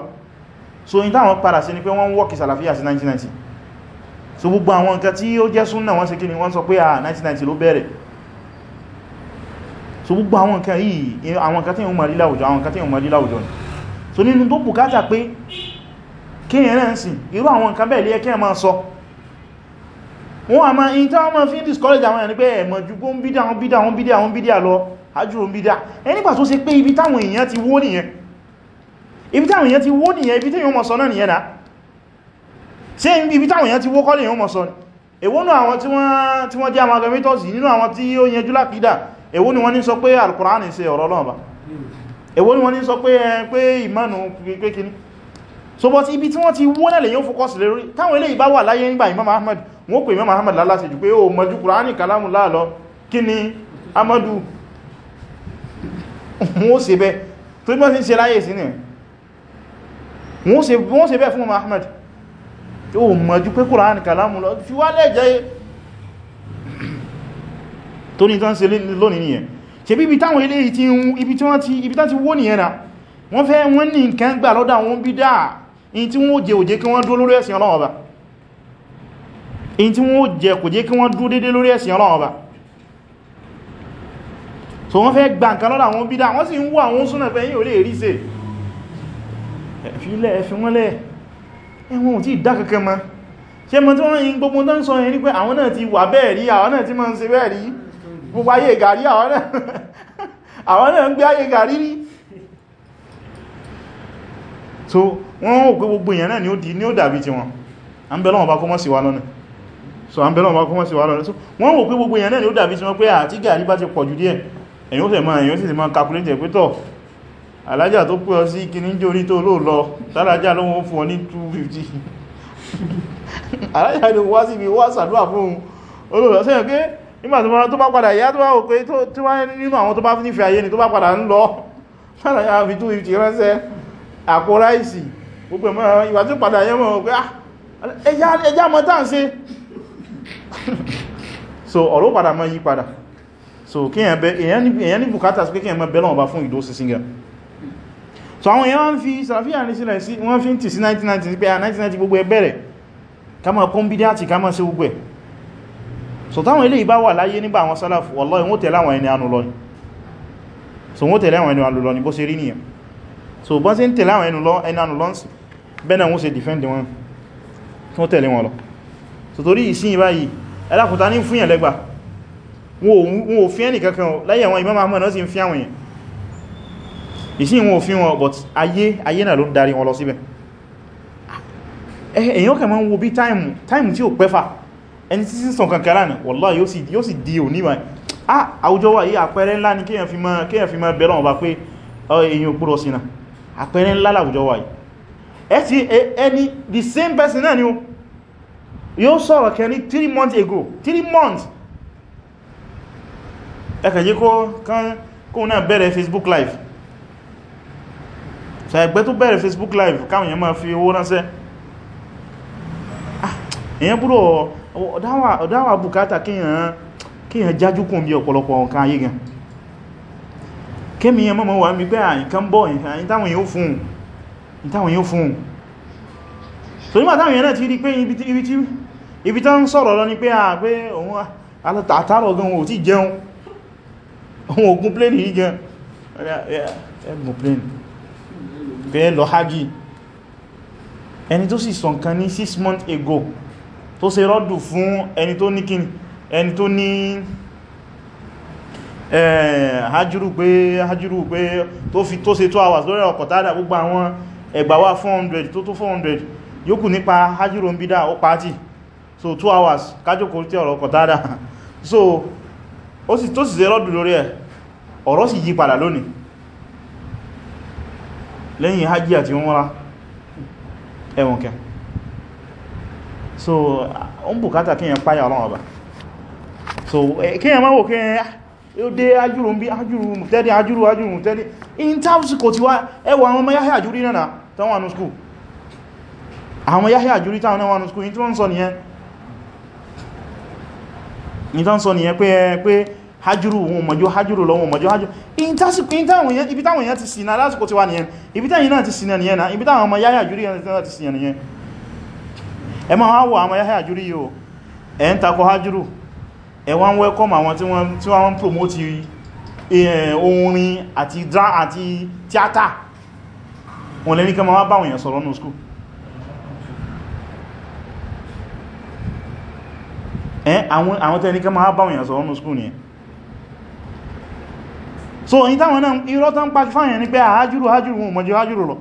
so ní táwọn padà sí ni pé wọ́n wọ́kì sàlàfíà sí 1990 so gbogbo àwọn nǹkan tí ó jẹ́ súnnà wọ́n ṣe kí ni wọ́n sọ pé à 1990 ló bẹ̀rẹ̀ so gbogbo àwọn nǹkan yìí àwọn nǹkan tí wọ́n mọ̀ rí láwùjọ àwọn nǹkan tí wọ́n mọ̀ rí láwùjọ ni so nínú tó bùkátà pé kíyàn náà sì irú àwọn nǹkan bẹ́ẹ̀ lè kíyàn máa sọ wọ́n a máa in táwọn máa fi ń discourage àwọn ẹni pé ẹ̀mọ̀ ju bó ń bídá wọn bídá wọn bídá wọn bídá lọ ajúrò ń bídá ẹnigbà tó ṣe pé ibi táwọn èèyàn ti wó nìyẹn ibi táwọn èèyàn ti wó nìyẹn ibi téèyàn mọ̀ sọ náà nìyẹn náà ṣe ibi táwọn èèyàn ti wó kọ́ lèèyàn mọ̀ sọ ni èwo nù àwọn tí wọ́n jẹ́ amalgamators nínú àwọn tí ó yẹjú lápídà èwo ni wọ́n ní sọ pé Al-Qur'an ṣe ọ̀rọ̀ Ọlọ́run ba èwo ni wọ́n ní sọ pé ẹ pé ìmánu pé kíní so but ibi tí wọ́n ti wọ́n lè yóò focus lè rí táwọn eléyìí bá wà láyé nígbà Imam Ahmad wọ́n pè Imam Ahmad láláṣẹ́ jù pé o mọ̀jú Kùránì kalamu láàlọ́ kí ni amadu wọ́n ṣe bẹ́ tó gbọ́n sí se láyé sí ní wọ́n ṣe bẹ́ fún Imam Ahmad o mọ̀jú pé Kùránì kalamu lọ fi wá lẹ́jẹ́ tó ní tán ṣe lónìí nìyẹn ṣe bí ibi táwọn ilé ibi tí wọ́n ti wó nìyẹn na wọ́n fẹ́ wọ́n ní nǹkan gbà lọ́dọ̀ àwọn bídá in tí wọ́n jẹ òjé kí wọ́n dúró lórí ẹ̀sìn Ọlọ́run Ọba in tí wọ́n jẹ kò jẹ́ kí wọ́n dúró dédé lórí ẹ̀sìn Ọlọ́run Ọba so wọ́n fẹ́ gba nǹkan lọ́dọ̀ àwọn bídá wọ́n sì ń wó àwọn súnà fẹ́ yíò lè rí ṣe ẹ̀fílẹ̀ ẹ̀fí wọ́n lẹ̀ ẹ̀wọ̀n ò tí ìdá kankan ma ṣe mọ́ tí wọ́n yí gbogbo tán sọ yẹn ní pé àwọn náà ti wà bẹ́ẹ̀ rí àwọn náà ti máa ń ṣe bẹ́ẹ̀ rí gbogbo ayé gàrí àwọn náà ń gbé ayé gàrí rí so wọ́n wọ́n pé gbogbo èèyàn náà ni ó di ní ó dàbí ti wọn a ń bẹ lọ́wọ́ bá kọ́mọ́ sí wa lọ́nà so a ń bẹ lọ́wọ́ bá kọ́mọ́ sí wa lọ́nà so wọ́n wọ́n pé gbogbo èèyàn náà ni ó dàbí ti wọn pé àti gàrí bá ti pọ̀ jù díẹ̀ èyàn ó sẹ̀ máa èyàn sì ti máa calculate pé tọ́ alájà tó pẹ́ ọ sí kí ní jórí tó lóò lọ tálájà pé nígbà tó bá padà yá tó bá wò pé tó wá nínú àwọn tó bá fi nífẹ̀ẹ́ ayé ni tó bá padà ń lọ lára ya fi 250 ránṣẹ́ àpò ráìsì gbogbo ẹ̀mọ́ ìwà tó padà yẹ́ mọ̀ pé ẹjá mọ́ tàn sí so ọ̀rọ̀ padà mọ́ yí padà so èyàn ní bùkátà sí pé kíyàn mọ́ bẹ́lọ̀ ọba fún ìdó sísí gan so àwọn èyàn ń fi sàfíà ní sílẹ̀ sí wọ́n fi ń tì sí 1990 pé 1990 gbogbo ẹ bẹ̀rẹ̀ ká mọ́ kọ́mbídíàtì ká mọ́ sí gbogbo ẹ̀ so táwọn eléyìí bá wà láyé nígbà àwọn sálàfù wallahi wọ́n tẹ̀lé àwọn ẹni anú lọ ni so wọ́n tẹ̀lé àwọn ẹni anú lọ ni bó ṣe rí nìyẹn so bọ́n sí ń tẹ̀lé àwọn ẹni anú lọ sí bẹ́nà wọ́n ṣe defend wọn wọ́n tẹ̀lé wọn lọ so torí ìsìn báyìí ẹlákùta ní fúnyàn lẹ́gbà wọn ò fi ẹnì kankan láyé àwọn Imam Ahmad náà sì ń but ayé ayé náà ló darí wọn lọ síbẹ̀ èèyàn kẹ wo bí táìmù tí ò pẹ́fà ẹni tí sísàn kankaná ní wallahi yóò sì di òníwà ah àwùjọ wa yí àpẹẹrẹ ńlá ni kíyàn fi máa bẹ̀rẹ̀ ọba pé èyàn òpúrọ̀ sínà àpẹẹrẹ ńlá láwùjọ wa yí ẹ ti ẹni the same person náà ni ó yóò sọ̀rọ̀ kẹ ní 3 months ago 3 months ẹkẹ̀jẹ́ kó náà bẹ̀rẹ̀ Facebook live so ẹgbẹ́ tó bẹ̀rẹ̀ Facebook live káwọn èèyàn máa fi owó ránṣẹ́ ah, èèyàn búrò ọ̀dáwà bùkátà kíyàn jájúkùn bí ọ̀pọ̀lọpọ̀ nǹkan ayé gan kémiyàn mọ́mọ́ wà mí pé àyíkán bọ́ ìtàwọn yóò fún un so nígbà táwọn yẹn náà ti rí pé ibi tí ń sọ̀rọ̀ lọ ni pé à pé òun alátàtàrọ̀ gan ò tí jẹun ohun ogun pléni yìí gan ẹgbùn pléni pé lọ hajji ẹni tó sì sọ nǹkan ní 6 months ago tó ṣe rọ́dù fún ẹni tó ní kíni ẹni tó ní hajjúrú pé hajjúrú pé tó fi tó ṣe 2 hours lórí ọ̀kọ̀tádà gbogbo àwọn ẹgbàwà 400 tó tó 400 yókù nípa hajjúrú ń bídá ó pàátì so 2 hours kájókò tí ọ̀rọ̀ ọ̀kọ̀tádà so ó sì tó sì ṣe rọ́dù lórí ẹ̀ ọ̀rọ̀ sì yí padà lónìí lẹ́yìn hajji àti umra ẹ̀wọ̀n kẹ́ so o n bùkátà kíyàn páyà ọlọ́run ọba so kíyàn máa wò kíyàn ah, ó dé ajúrù ń bí ajúrù mùtẹ́dì ajúrù ajúrù mùtẹ́dì in tàbísíkò tí wá ẹwà àwọn ọmọ yáhẹ́ àjúrí náà tánwà ní skú àwọn yáhẹ́ àjúrí tánwà ní skú in tí wọ́n ń sọ nìyẹn pé hajjúrù wọn mọ̀jọ́ hajjúrù lọ́wọ́ mọ̀jọ́ hajjúrù in tásìkò ibi táwọn èèyàn ti ṣìnà lásìkò tí wá nìyẹn ibi táwọn èèyàn ti ṣìnà nìyẹn ibi táwọn ọmọ yáyà jùrí ẹni tí wọ́n ti ṣìnà ẹ máa wọ àwọn Yahya Hajuri yìí o ẹ ń takọ Hajuru ẹ wá ń àwọn tí wọ́n ń promote orin àti drama àti tíátà wọ́n lẹ́ni kan máa báwọn èèyàn sọ̀rọ̀ ní school ẹ àwọn tẹ́ni kan máa báwọn èèyàn sọ̀rọ̀ ní ni so èyí táwọn náà irọ́ tán pàkífàyàn ní pé ah, Hajuru Hajuru wọn mọ̀jú Hajuru lo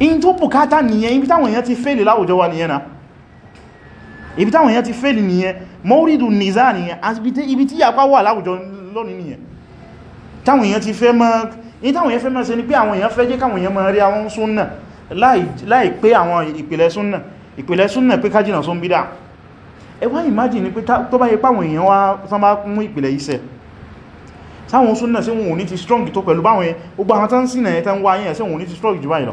in tó bùkátà nìyẹn ibi táwọn èèyàn ti fèlì láwùjọ wa nìyẹn na ibi táwọn èèyàn ti fèlì nìyẹn mọ́rídù nìzá nìyẹn ibi tí yàpá wà láwùjọ lónìí nìyẹn táwọn èèyàn ti fẹ́ mọ́ in táwọn èèyàn fẹ́ mọ́ ṣe ni pé àwọn èèyàn fẹ́ jẹ́ káwọn èèyàn mọ́ rí àwọn súnnà láì pé àwọn ìpìlẹ̀ súnnà ìpìlẹ̀ súnnà pé kájìnà sún bídá ẹ ni sáwọn súnnà sí wọn ò ní ti strong tó pẹ̀lú báwọn gbogbo àwọn tán sínà ẹ̀ tán wáyẹ̀ sí wọn ò ní ti strong jù báyìí lọ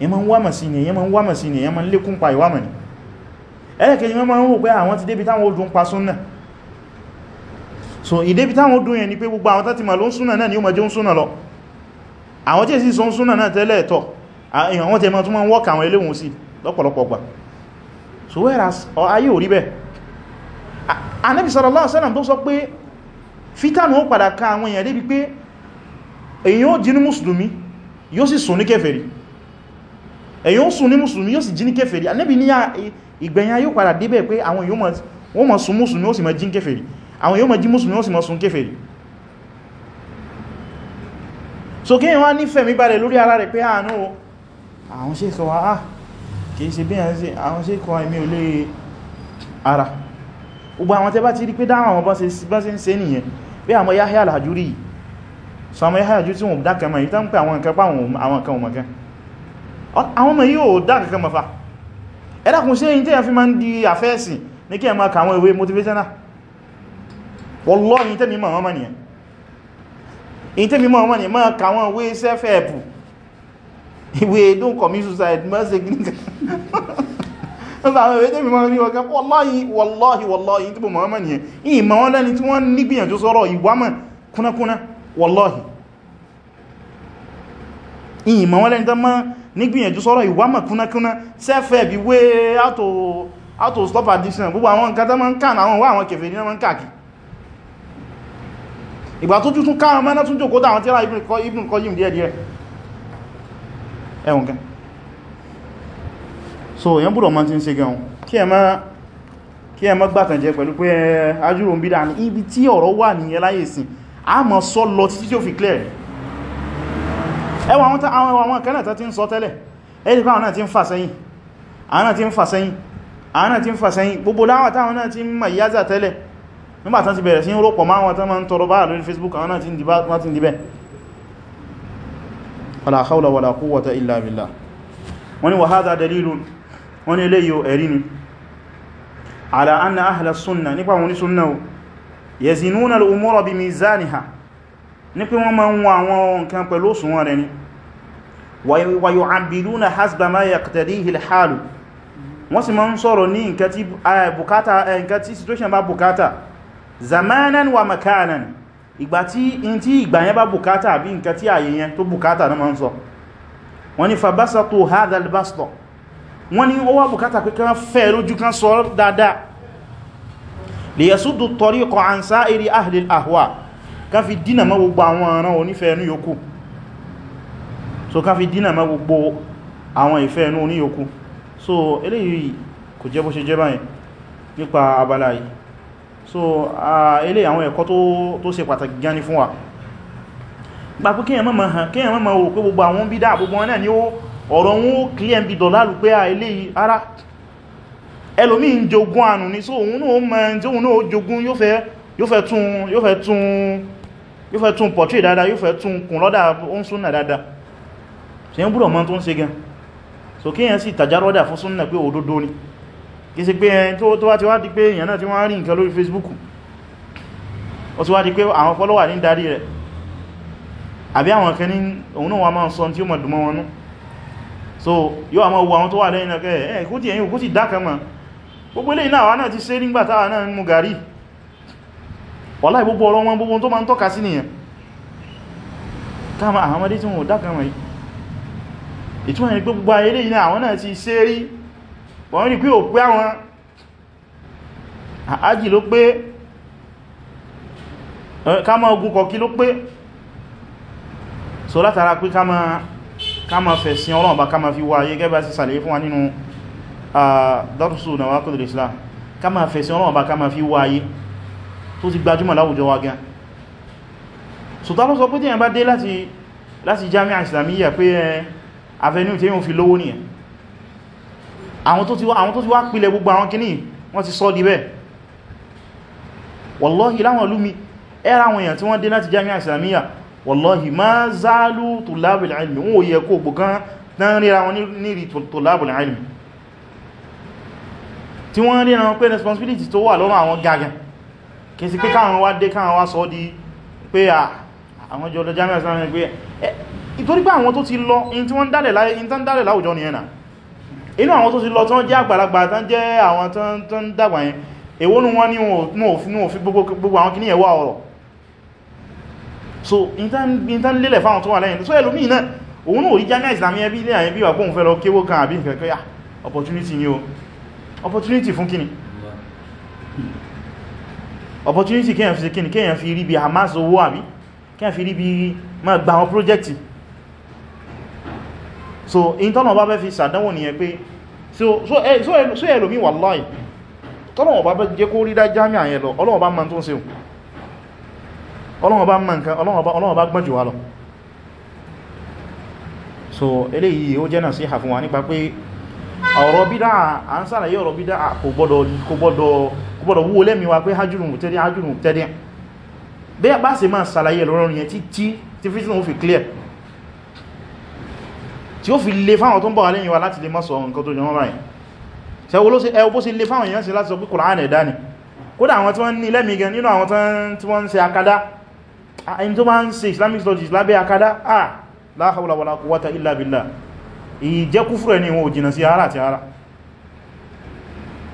yẹn ma ń wámà sí ni yẹn ma ń wámà sí ni yẹn ma ń lékún pa ìwámà ni ẹlẹ́kẹ̀ẹ́ yẹn ma ń rò pé àwọn ah, ti débi táwọn odùn pa súnnà so ìdébi táwọn odùn yẹn ni pé gbogbo àwọn tàti ma ló ń súnnà náà ni ó ma jẹ́ ń súnnà lọ àwọn tí èsì sọ ń súnnà náà tẹ́lẹ̀ ẹ̀tọ́ àwọn tẹ́ ma tún ma ń wọ́ka àwọn eléhùn sí lọ́pọ̀lọpọ̀ gbà so whereas ayé ò rí bẹ́ẹ̀ Ànábì sallallahu alaihi tó sọ pé fítànù ó padà ka àwọn èèyàn débi pé èèyàn ó jí mùsùlùmí yóò sì sùn ní kèfèrí èyàn sùn ní mùsùlùmí yóò sì jí ní kèfèrí anẹ́bì ní ìgbẹ̀yìn ayó padà débẹ̀ pé àwọn èyàn wọ́n mọ̀ sùn mùsùlùmí ó sì mọ̀ jí ní kèfèrí àwọn èyàn mọ̀ jí mùsùlùmí ó sì mọ̀ sùn kèfèrí so kí wọ́n ní fẹ̀mí balẹ̀ lórí ara rẹ̀ pé àánú àwọn ṣe sọ àwọn ṣe kọ ẹ̀mí ara gbogbo àwọn tẹ́ bá ti rí pé dáwọn àwọn bá ṣe ń ṣe so àwọn Yahya al-Hajuri tí wọ́n dákẹ́ mọ̀ ìtàn pé àwọn àwọn ọmọ yíò dá kankan mọ̀fà ẹ̀dàkùn sí èyí tí a fi ma ń di àfẹ́ẹ̀sì ní kí ẹ ma kàwọn ìwé motivational wallahi tẹ́mi mọ̀ ọmọ nìyàn èyí tẹ́mi mọ̀ ọmọ nìyàn ma kàwọn ìwé sẹ́fẹ̀ẹ̀pù ìwé don't commit suicide mẹ́sẹ̀ gíníkà ìyìn ma wọ́n lẹ́ni tán máa nígbìyànjú sọ́rọ̀ ìwámọ̀ kúnnákúnná sẹ́fẹ́ bí wé auto stop addiction gbogbo àwọn nǹkan tó máa ń kàn àwọn àwọn kèfèrí náà máa ń ìgbà tó tún káàmà mẹ́nà tún jòkó dáwọn tíra Ibn Qayyim díẹ̀díẹ̀ ẹ̀wọ̀n gan so yẹn búrọ̀ ma ti ń ṣe gan kí ẹ má gbàtànjẹ pẹ̀lú pé ajúrò ní ibi tí ọ̀rọ̀ wà ní ẹláyèsìn a mọ̀ sọ lọ títí tí ó fi clear ẹwà àwọn àwọn àwọn kan náà tó ti ń sọ tẹ́lẹ̀ ẹ̀dì pé àwọn náà ti ń fà sẹ́yìn àwọn náà ti ń fà sẹ́yìn àwọn náà ti ń fà sẹ́yìn gbogbo láwà táwọn náà ti ń mọ̀ ìyáza tẹ́lẹ̀ nígbàtán ti bẹ̀rẹ̀ sí rọ́pọ̀ máa wọn tán máa ń tọrọ báà lórí Facebook àwọn náà ti ń dìbà wọ́n ti ń dìbẹ̀ wala ala anna ahla sunna nípa wọn ni sunna o yazinuna al-umura bi mizaniha nípa wọn máa ń wọn àwọn nǹkan pẹ̀lú òṣùwọ̀n rẹ̀ ni wàyọ̀àbìlúnà hasbama yaqtadihi al-halu wọ́n sì máa ń sọ̀rọ̀ ní nǹkan tí bùkátà nǹkan tí situation bá bùkátà zamanan wa makanan ìgbà tí in tí ìgbà yẹn bá bùkátà bí nǹkan tí ààyè yẹn tó bùkátà náà máa ń sọ wọ́n ni fabasatu hadha al-basta wọ́n ni ó wá bùkátà pé kán fẹ́ lójú kan sọ dáadáa li yasuddu at-tariqa an sa'iri ahli al-ahwa kan fi dínà mọ́ gbogbo àwọn ọ̀ràn onífẹ́ẹ̀nú yòókù so ká fi dínà má gbogbo àwọn ìfẹ́ inú oníyòkú so eléyìí kò jẹ́ bó ṣe jẹ́ báyìí nípa abala yìí so eléyìí àwọn ẹ̀kọ́ tó ṣe pàtàkì gani fún wa gbà pé kíyàn mọ́mọ̀ hàn kíyàn mọ́mọ̀ wò pé gbogbo àwọn bídá gbogbo wọn náà ni ó ọ̀rọ̀ wọn ó kílẹ̀ ń bí dọ̀lálù pé eléyìí ara ẹlòmí ń jogún ànù ní so òun náà mọ́ tí òun náà jogún yóò fẹ́ yóò fẹ́ tún yóò fẹ́ tún yóò portrait dáadáa yóò fẹ́ tún kùn lọ́dà ó ń súnà se ń búrọ̀ mọ́ tó ń ṣe gan so kíyàn sì tàjárọ́dà fún súnnà pé òdodo ni kí sí pé ẹni tó wá ti wá di pé èyàn náà ti wá rí nǹkan lórí Facebook ó ti wá di pé àwọn fọ́lọ́wà ní darí rẹ̀ àbí àwọn kan ní òun náà wà máa sọ tí ó mọ̀ dùmọ́ wọn nú so yóò àmọ́ wo àwọn tó wà lẹ́yìn ọkẹ́ ẹ̀ kú ti ẹ̀yìn kú ti dákà mọ́ gbogbo ilé ìnáwà náà ti ṣe nígbà táwà náà mú gàrí wọ́lá ìgbogbo ọ̀rọ̀ wọn gbogbo tó máa ń tọ́ka sí ìtumọ̀ ní gbogbo ayélé iná àwọn náà ti ṣe rí wọ́n rí pé ò pé àwọn àájì ló pé ká má ogun kọ̀kí ló pé so látara pé ká má fẹ̀sìn Ọlọ́run bá ká má fi wá ayé gẹ́bà sí sàlẹ̀ fún wa nínú dárùsù Nawaqidul Islam so tá ló sọ pé tí ẹ̀ bá dé láti avenue tí yíò fi lówó ní ẹ̀ àwọn tó ti wá pìlẹ̀ gbogbo àwọn kìíní wọ́n ti sọ di bẹ́ẹ̀ wallahi láwọn olúmi ẹ́ra àwọn èèyàn tí wọ́n dé láti jami'a islamiyya wallahi ma záàlú tulabul ilmi wọ́n yẹ kó gbogán tán ríra wọn níri tulabul ilmi tí wọ́n ríra wọn pé responsibility tó wà lọ́rùn àwọn gagan kì í ìtorí pé àwọn tó ti lọ in tí wọ́n dálẹ̀ láwùjọ ni ẹ̀nà inú àwọn tó ti lọ tán jẹ́ àgbàlagbà tán jẹ́ àwọn tán dàgbà yẹn èwó nú wọ́n ní wọn gbogbo àwọn kìí ẹ̀wọ́ ọ̀rọ̀ so in tán lélẹ̀ fáwọn tó wà lẹ́yìn so ẹlòmí náà òun náà rí jami'a islamiyya bí ilé àyẹ́ bí wà pọ́n lọ kéwó kan àbí nǹkan kẹ́yà ah, opportunity ni o opportunity fún kíni opportunity kéyàn fi kíni kéyàn fi rí bí àmásowó àbí kéyàn fi rí bí máa gba àwọn project so in tọ́nà bá bẹ́ fi sàdánwò nìyẹn pé so eh, eh, ẹlòmí wallahi tọ́nà bá bẹ́ jẹ́ kó rí dá jámíà yẹn lọ Ọlọ́run ma tó ń ṣe Ọlọ́run gbọ́n jù wá lọ so eléyìí ó jẹ́ nasiha fún nípa pé ọ̀rọ̀ à ń sàlàyé ọ̀rọ̀ bídá kò gbọ́dọ̀ wó tí ó fi lè fáwọn tó ń bọ̀ wà lẹ́yìn wa láti lè má sọ nǹkan tó jọmọ́ báyìí ṣe wo ló sí bó sí lè fáwọn èèyàn sí láti sọ pé Kùránì ẹ̀dá ni kódà àwọn tí wọ́n ní lẹ́mìí nínú àwọn tí wọ́n ń akada ẹni tó máa ń ṣe Islamic studies lábẹ́ akada ah la hawla wala quwwata illa billah ìjẹ́ kúfùrù ẹni wọn ò jìnà sí ara àti ara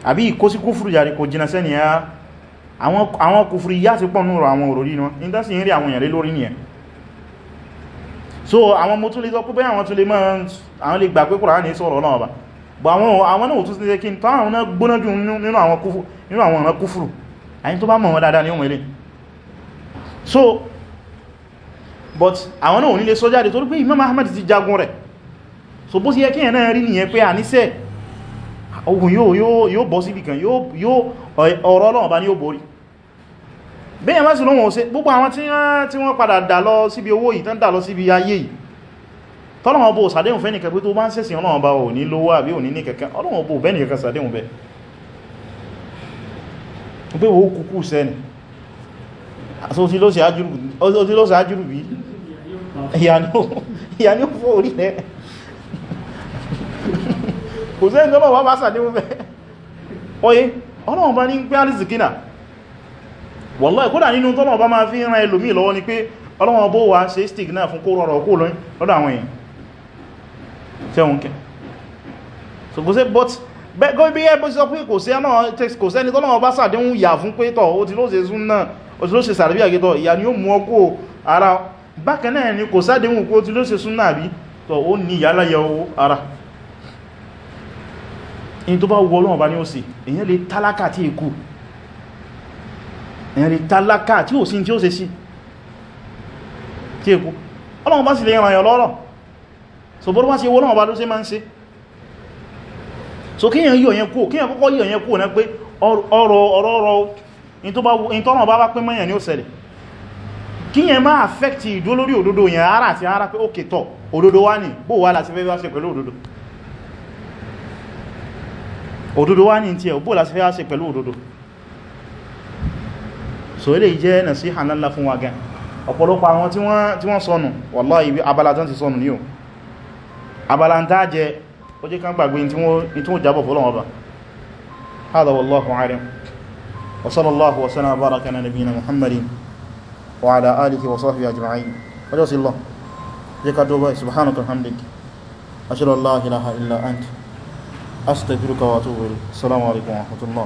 àbí ìkó sí kúfùrù jàrí kò jìnà sẹ́ni àwọn kúfùrù yá ti pọ̀ nínú àwọn so àwọn mo tún lè sọ pé bẹ́yà wọn tún lè máa àwọn lè gbà pé Kùránì sọ̀rọ̀ náà bá bọ̀ àwọn àwọn náà tún lè kí n tán àwọn náà gbóná jù nínú àwọn ọ̀nà kúfùrù àyí tó bá mọ̀ wọn dáadáa ní ohun ilé so but àwọn náà ò nílé sọ jáde torí pé Imam Ahmad ti jagun rẹ̀ so bó sì yẹ kíyàn náà rí nìyẹn pé àníṣẹ́ ogun yóò bọ́ síbìkan yóò ọ̀rọ̀ Ọlọ́run bá ní yóò borí bí i mẹ́sìn lóhun òsìn gbogbo àwọn tí wọ́n padà dà lọ síbi owó yìí tán dà lọ síbi ayé yìí tọ́lọ̀wọ́n bó sàdéhùn fẹ́ nìkẹ́ pé tó bá ń ṣẹ̀sìn Ọlọ́run bá ò ní lówó àbí ò ní ní kẹ̀kẹ́ Ọlọ́run bó bẹ́ nìkẹ́ sàdéhùn bẹ́ pé ó kúkú sẹ́ni àti ó ti ló sáájúrù bí ìyà ní ó fó orí rẹ̀ kò sẹ́ni tó bá wà bá sàdéhùn bẹ́ wallahi kódà nínú tọ́lọ̀ bá máa fi ran ẹlòmí lọ́wọ́ ni pé ọlọ́wọ́n bó wá ṣe stick náà fún kó rọrọ̀ kó lọ́yìn lọ́dọ̀ àwọn èèyàn tẹ́wọ́n kẹ́ so kò sí but gọ́ bí ẹ bó sí sọ pé kò sí ẹ̀nà kò sẹ́ni tọ́lọ̀ bá sàdéhùn yà fún pé tọ̀ ó ti ló ṣe sún náà ó ti ló ṣe sàrẹ́bí àgẹ́tọ̀ ìyà ni ó mú ọkọ̀ ara bákan náà ni kò sàdéhùn pé ó ti ló ṣe sún náà bí tọ̀ ó ní ìyà ara in tó bá wọ́ ọlọ́wọ́n bá ní ó sì èyàn lè tálákà ẹ̀rí tálákà tí ó sí tí ó se sí tí èkú ọlọ́run bá sì lè ràn yàn lọ́rọ̀ so bó bá sí owó náà bá ló sí máa ń ṣe so kíyàn yíò yẹn kú kíyàn kọ́kọ́ yíò yẹn kú náà pé ọ̀rọ̀ ọ̀rọ̀ ìtọ́nà bá bá pín mọ́yàn ní ó ṣẹlẹ̀ kíyàn máa affect ìdó lórí òdodo yẹn ara àti ara pé ókè tọ̀ òdodo wá ní bó wá láti fẹ́ wá ṣe pẹ̀lú òdodo òdodo wá ní tí ẹ̀ bó láti fẹ́ wá ṣe pẹ̀lú òdodo so ilé jẹ́ nasiha ńlá fún wa gan ọ̀pọ̀lọpọ̀ àwọn tí wọ́n sọnù wallahi abala tán ti sọnù ní o abala ń tá jẹ ó jẹ́ kan gbàgbé tí wọ́n jábọ̀ fọ́lọ́wọ́ bá hada wallahu alam wa sallallahu wa sallam baraka na nabiyina muhammadin wa ala alihi wa sahbihi ajma'in wajen silo je ka dubai subhanaka hamdik ashhadu an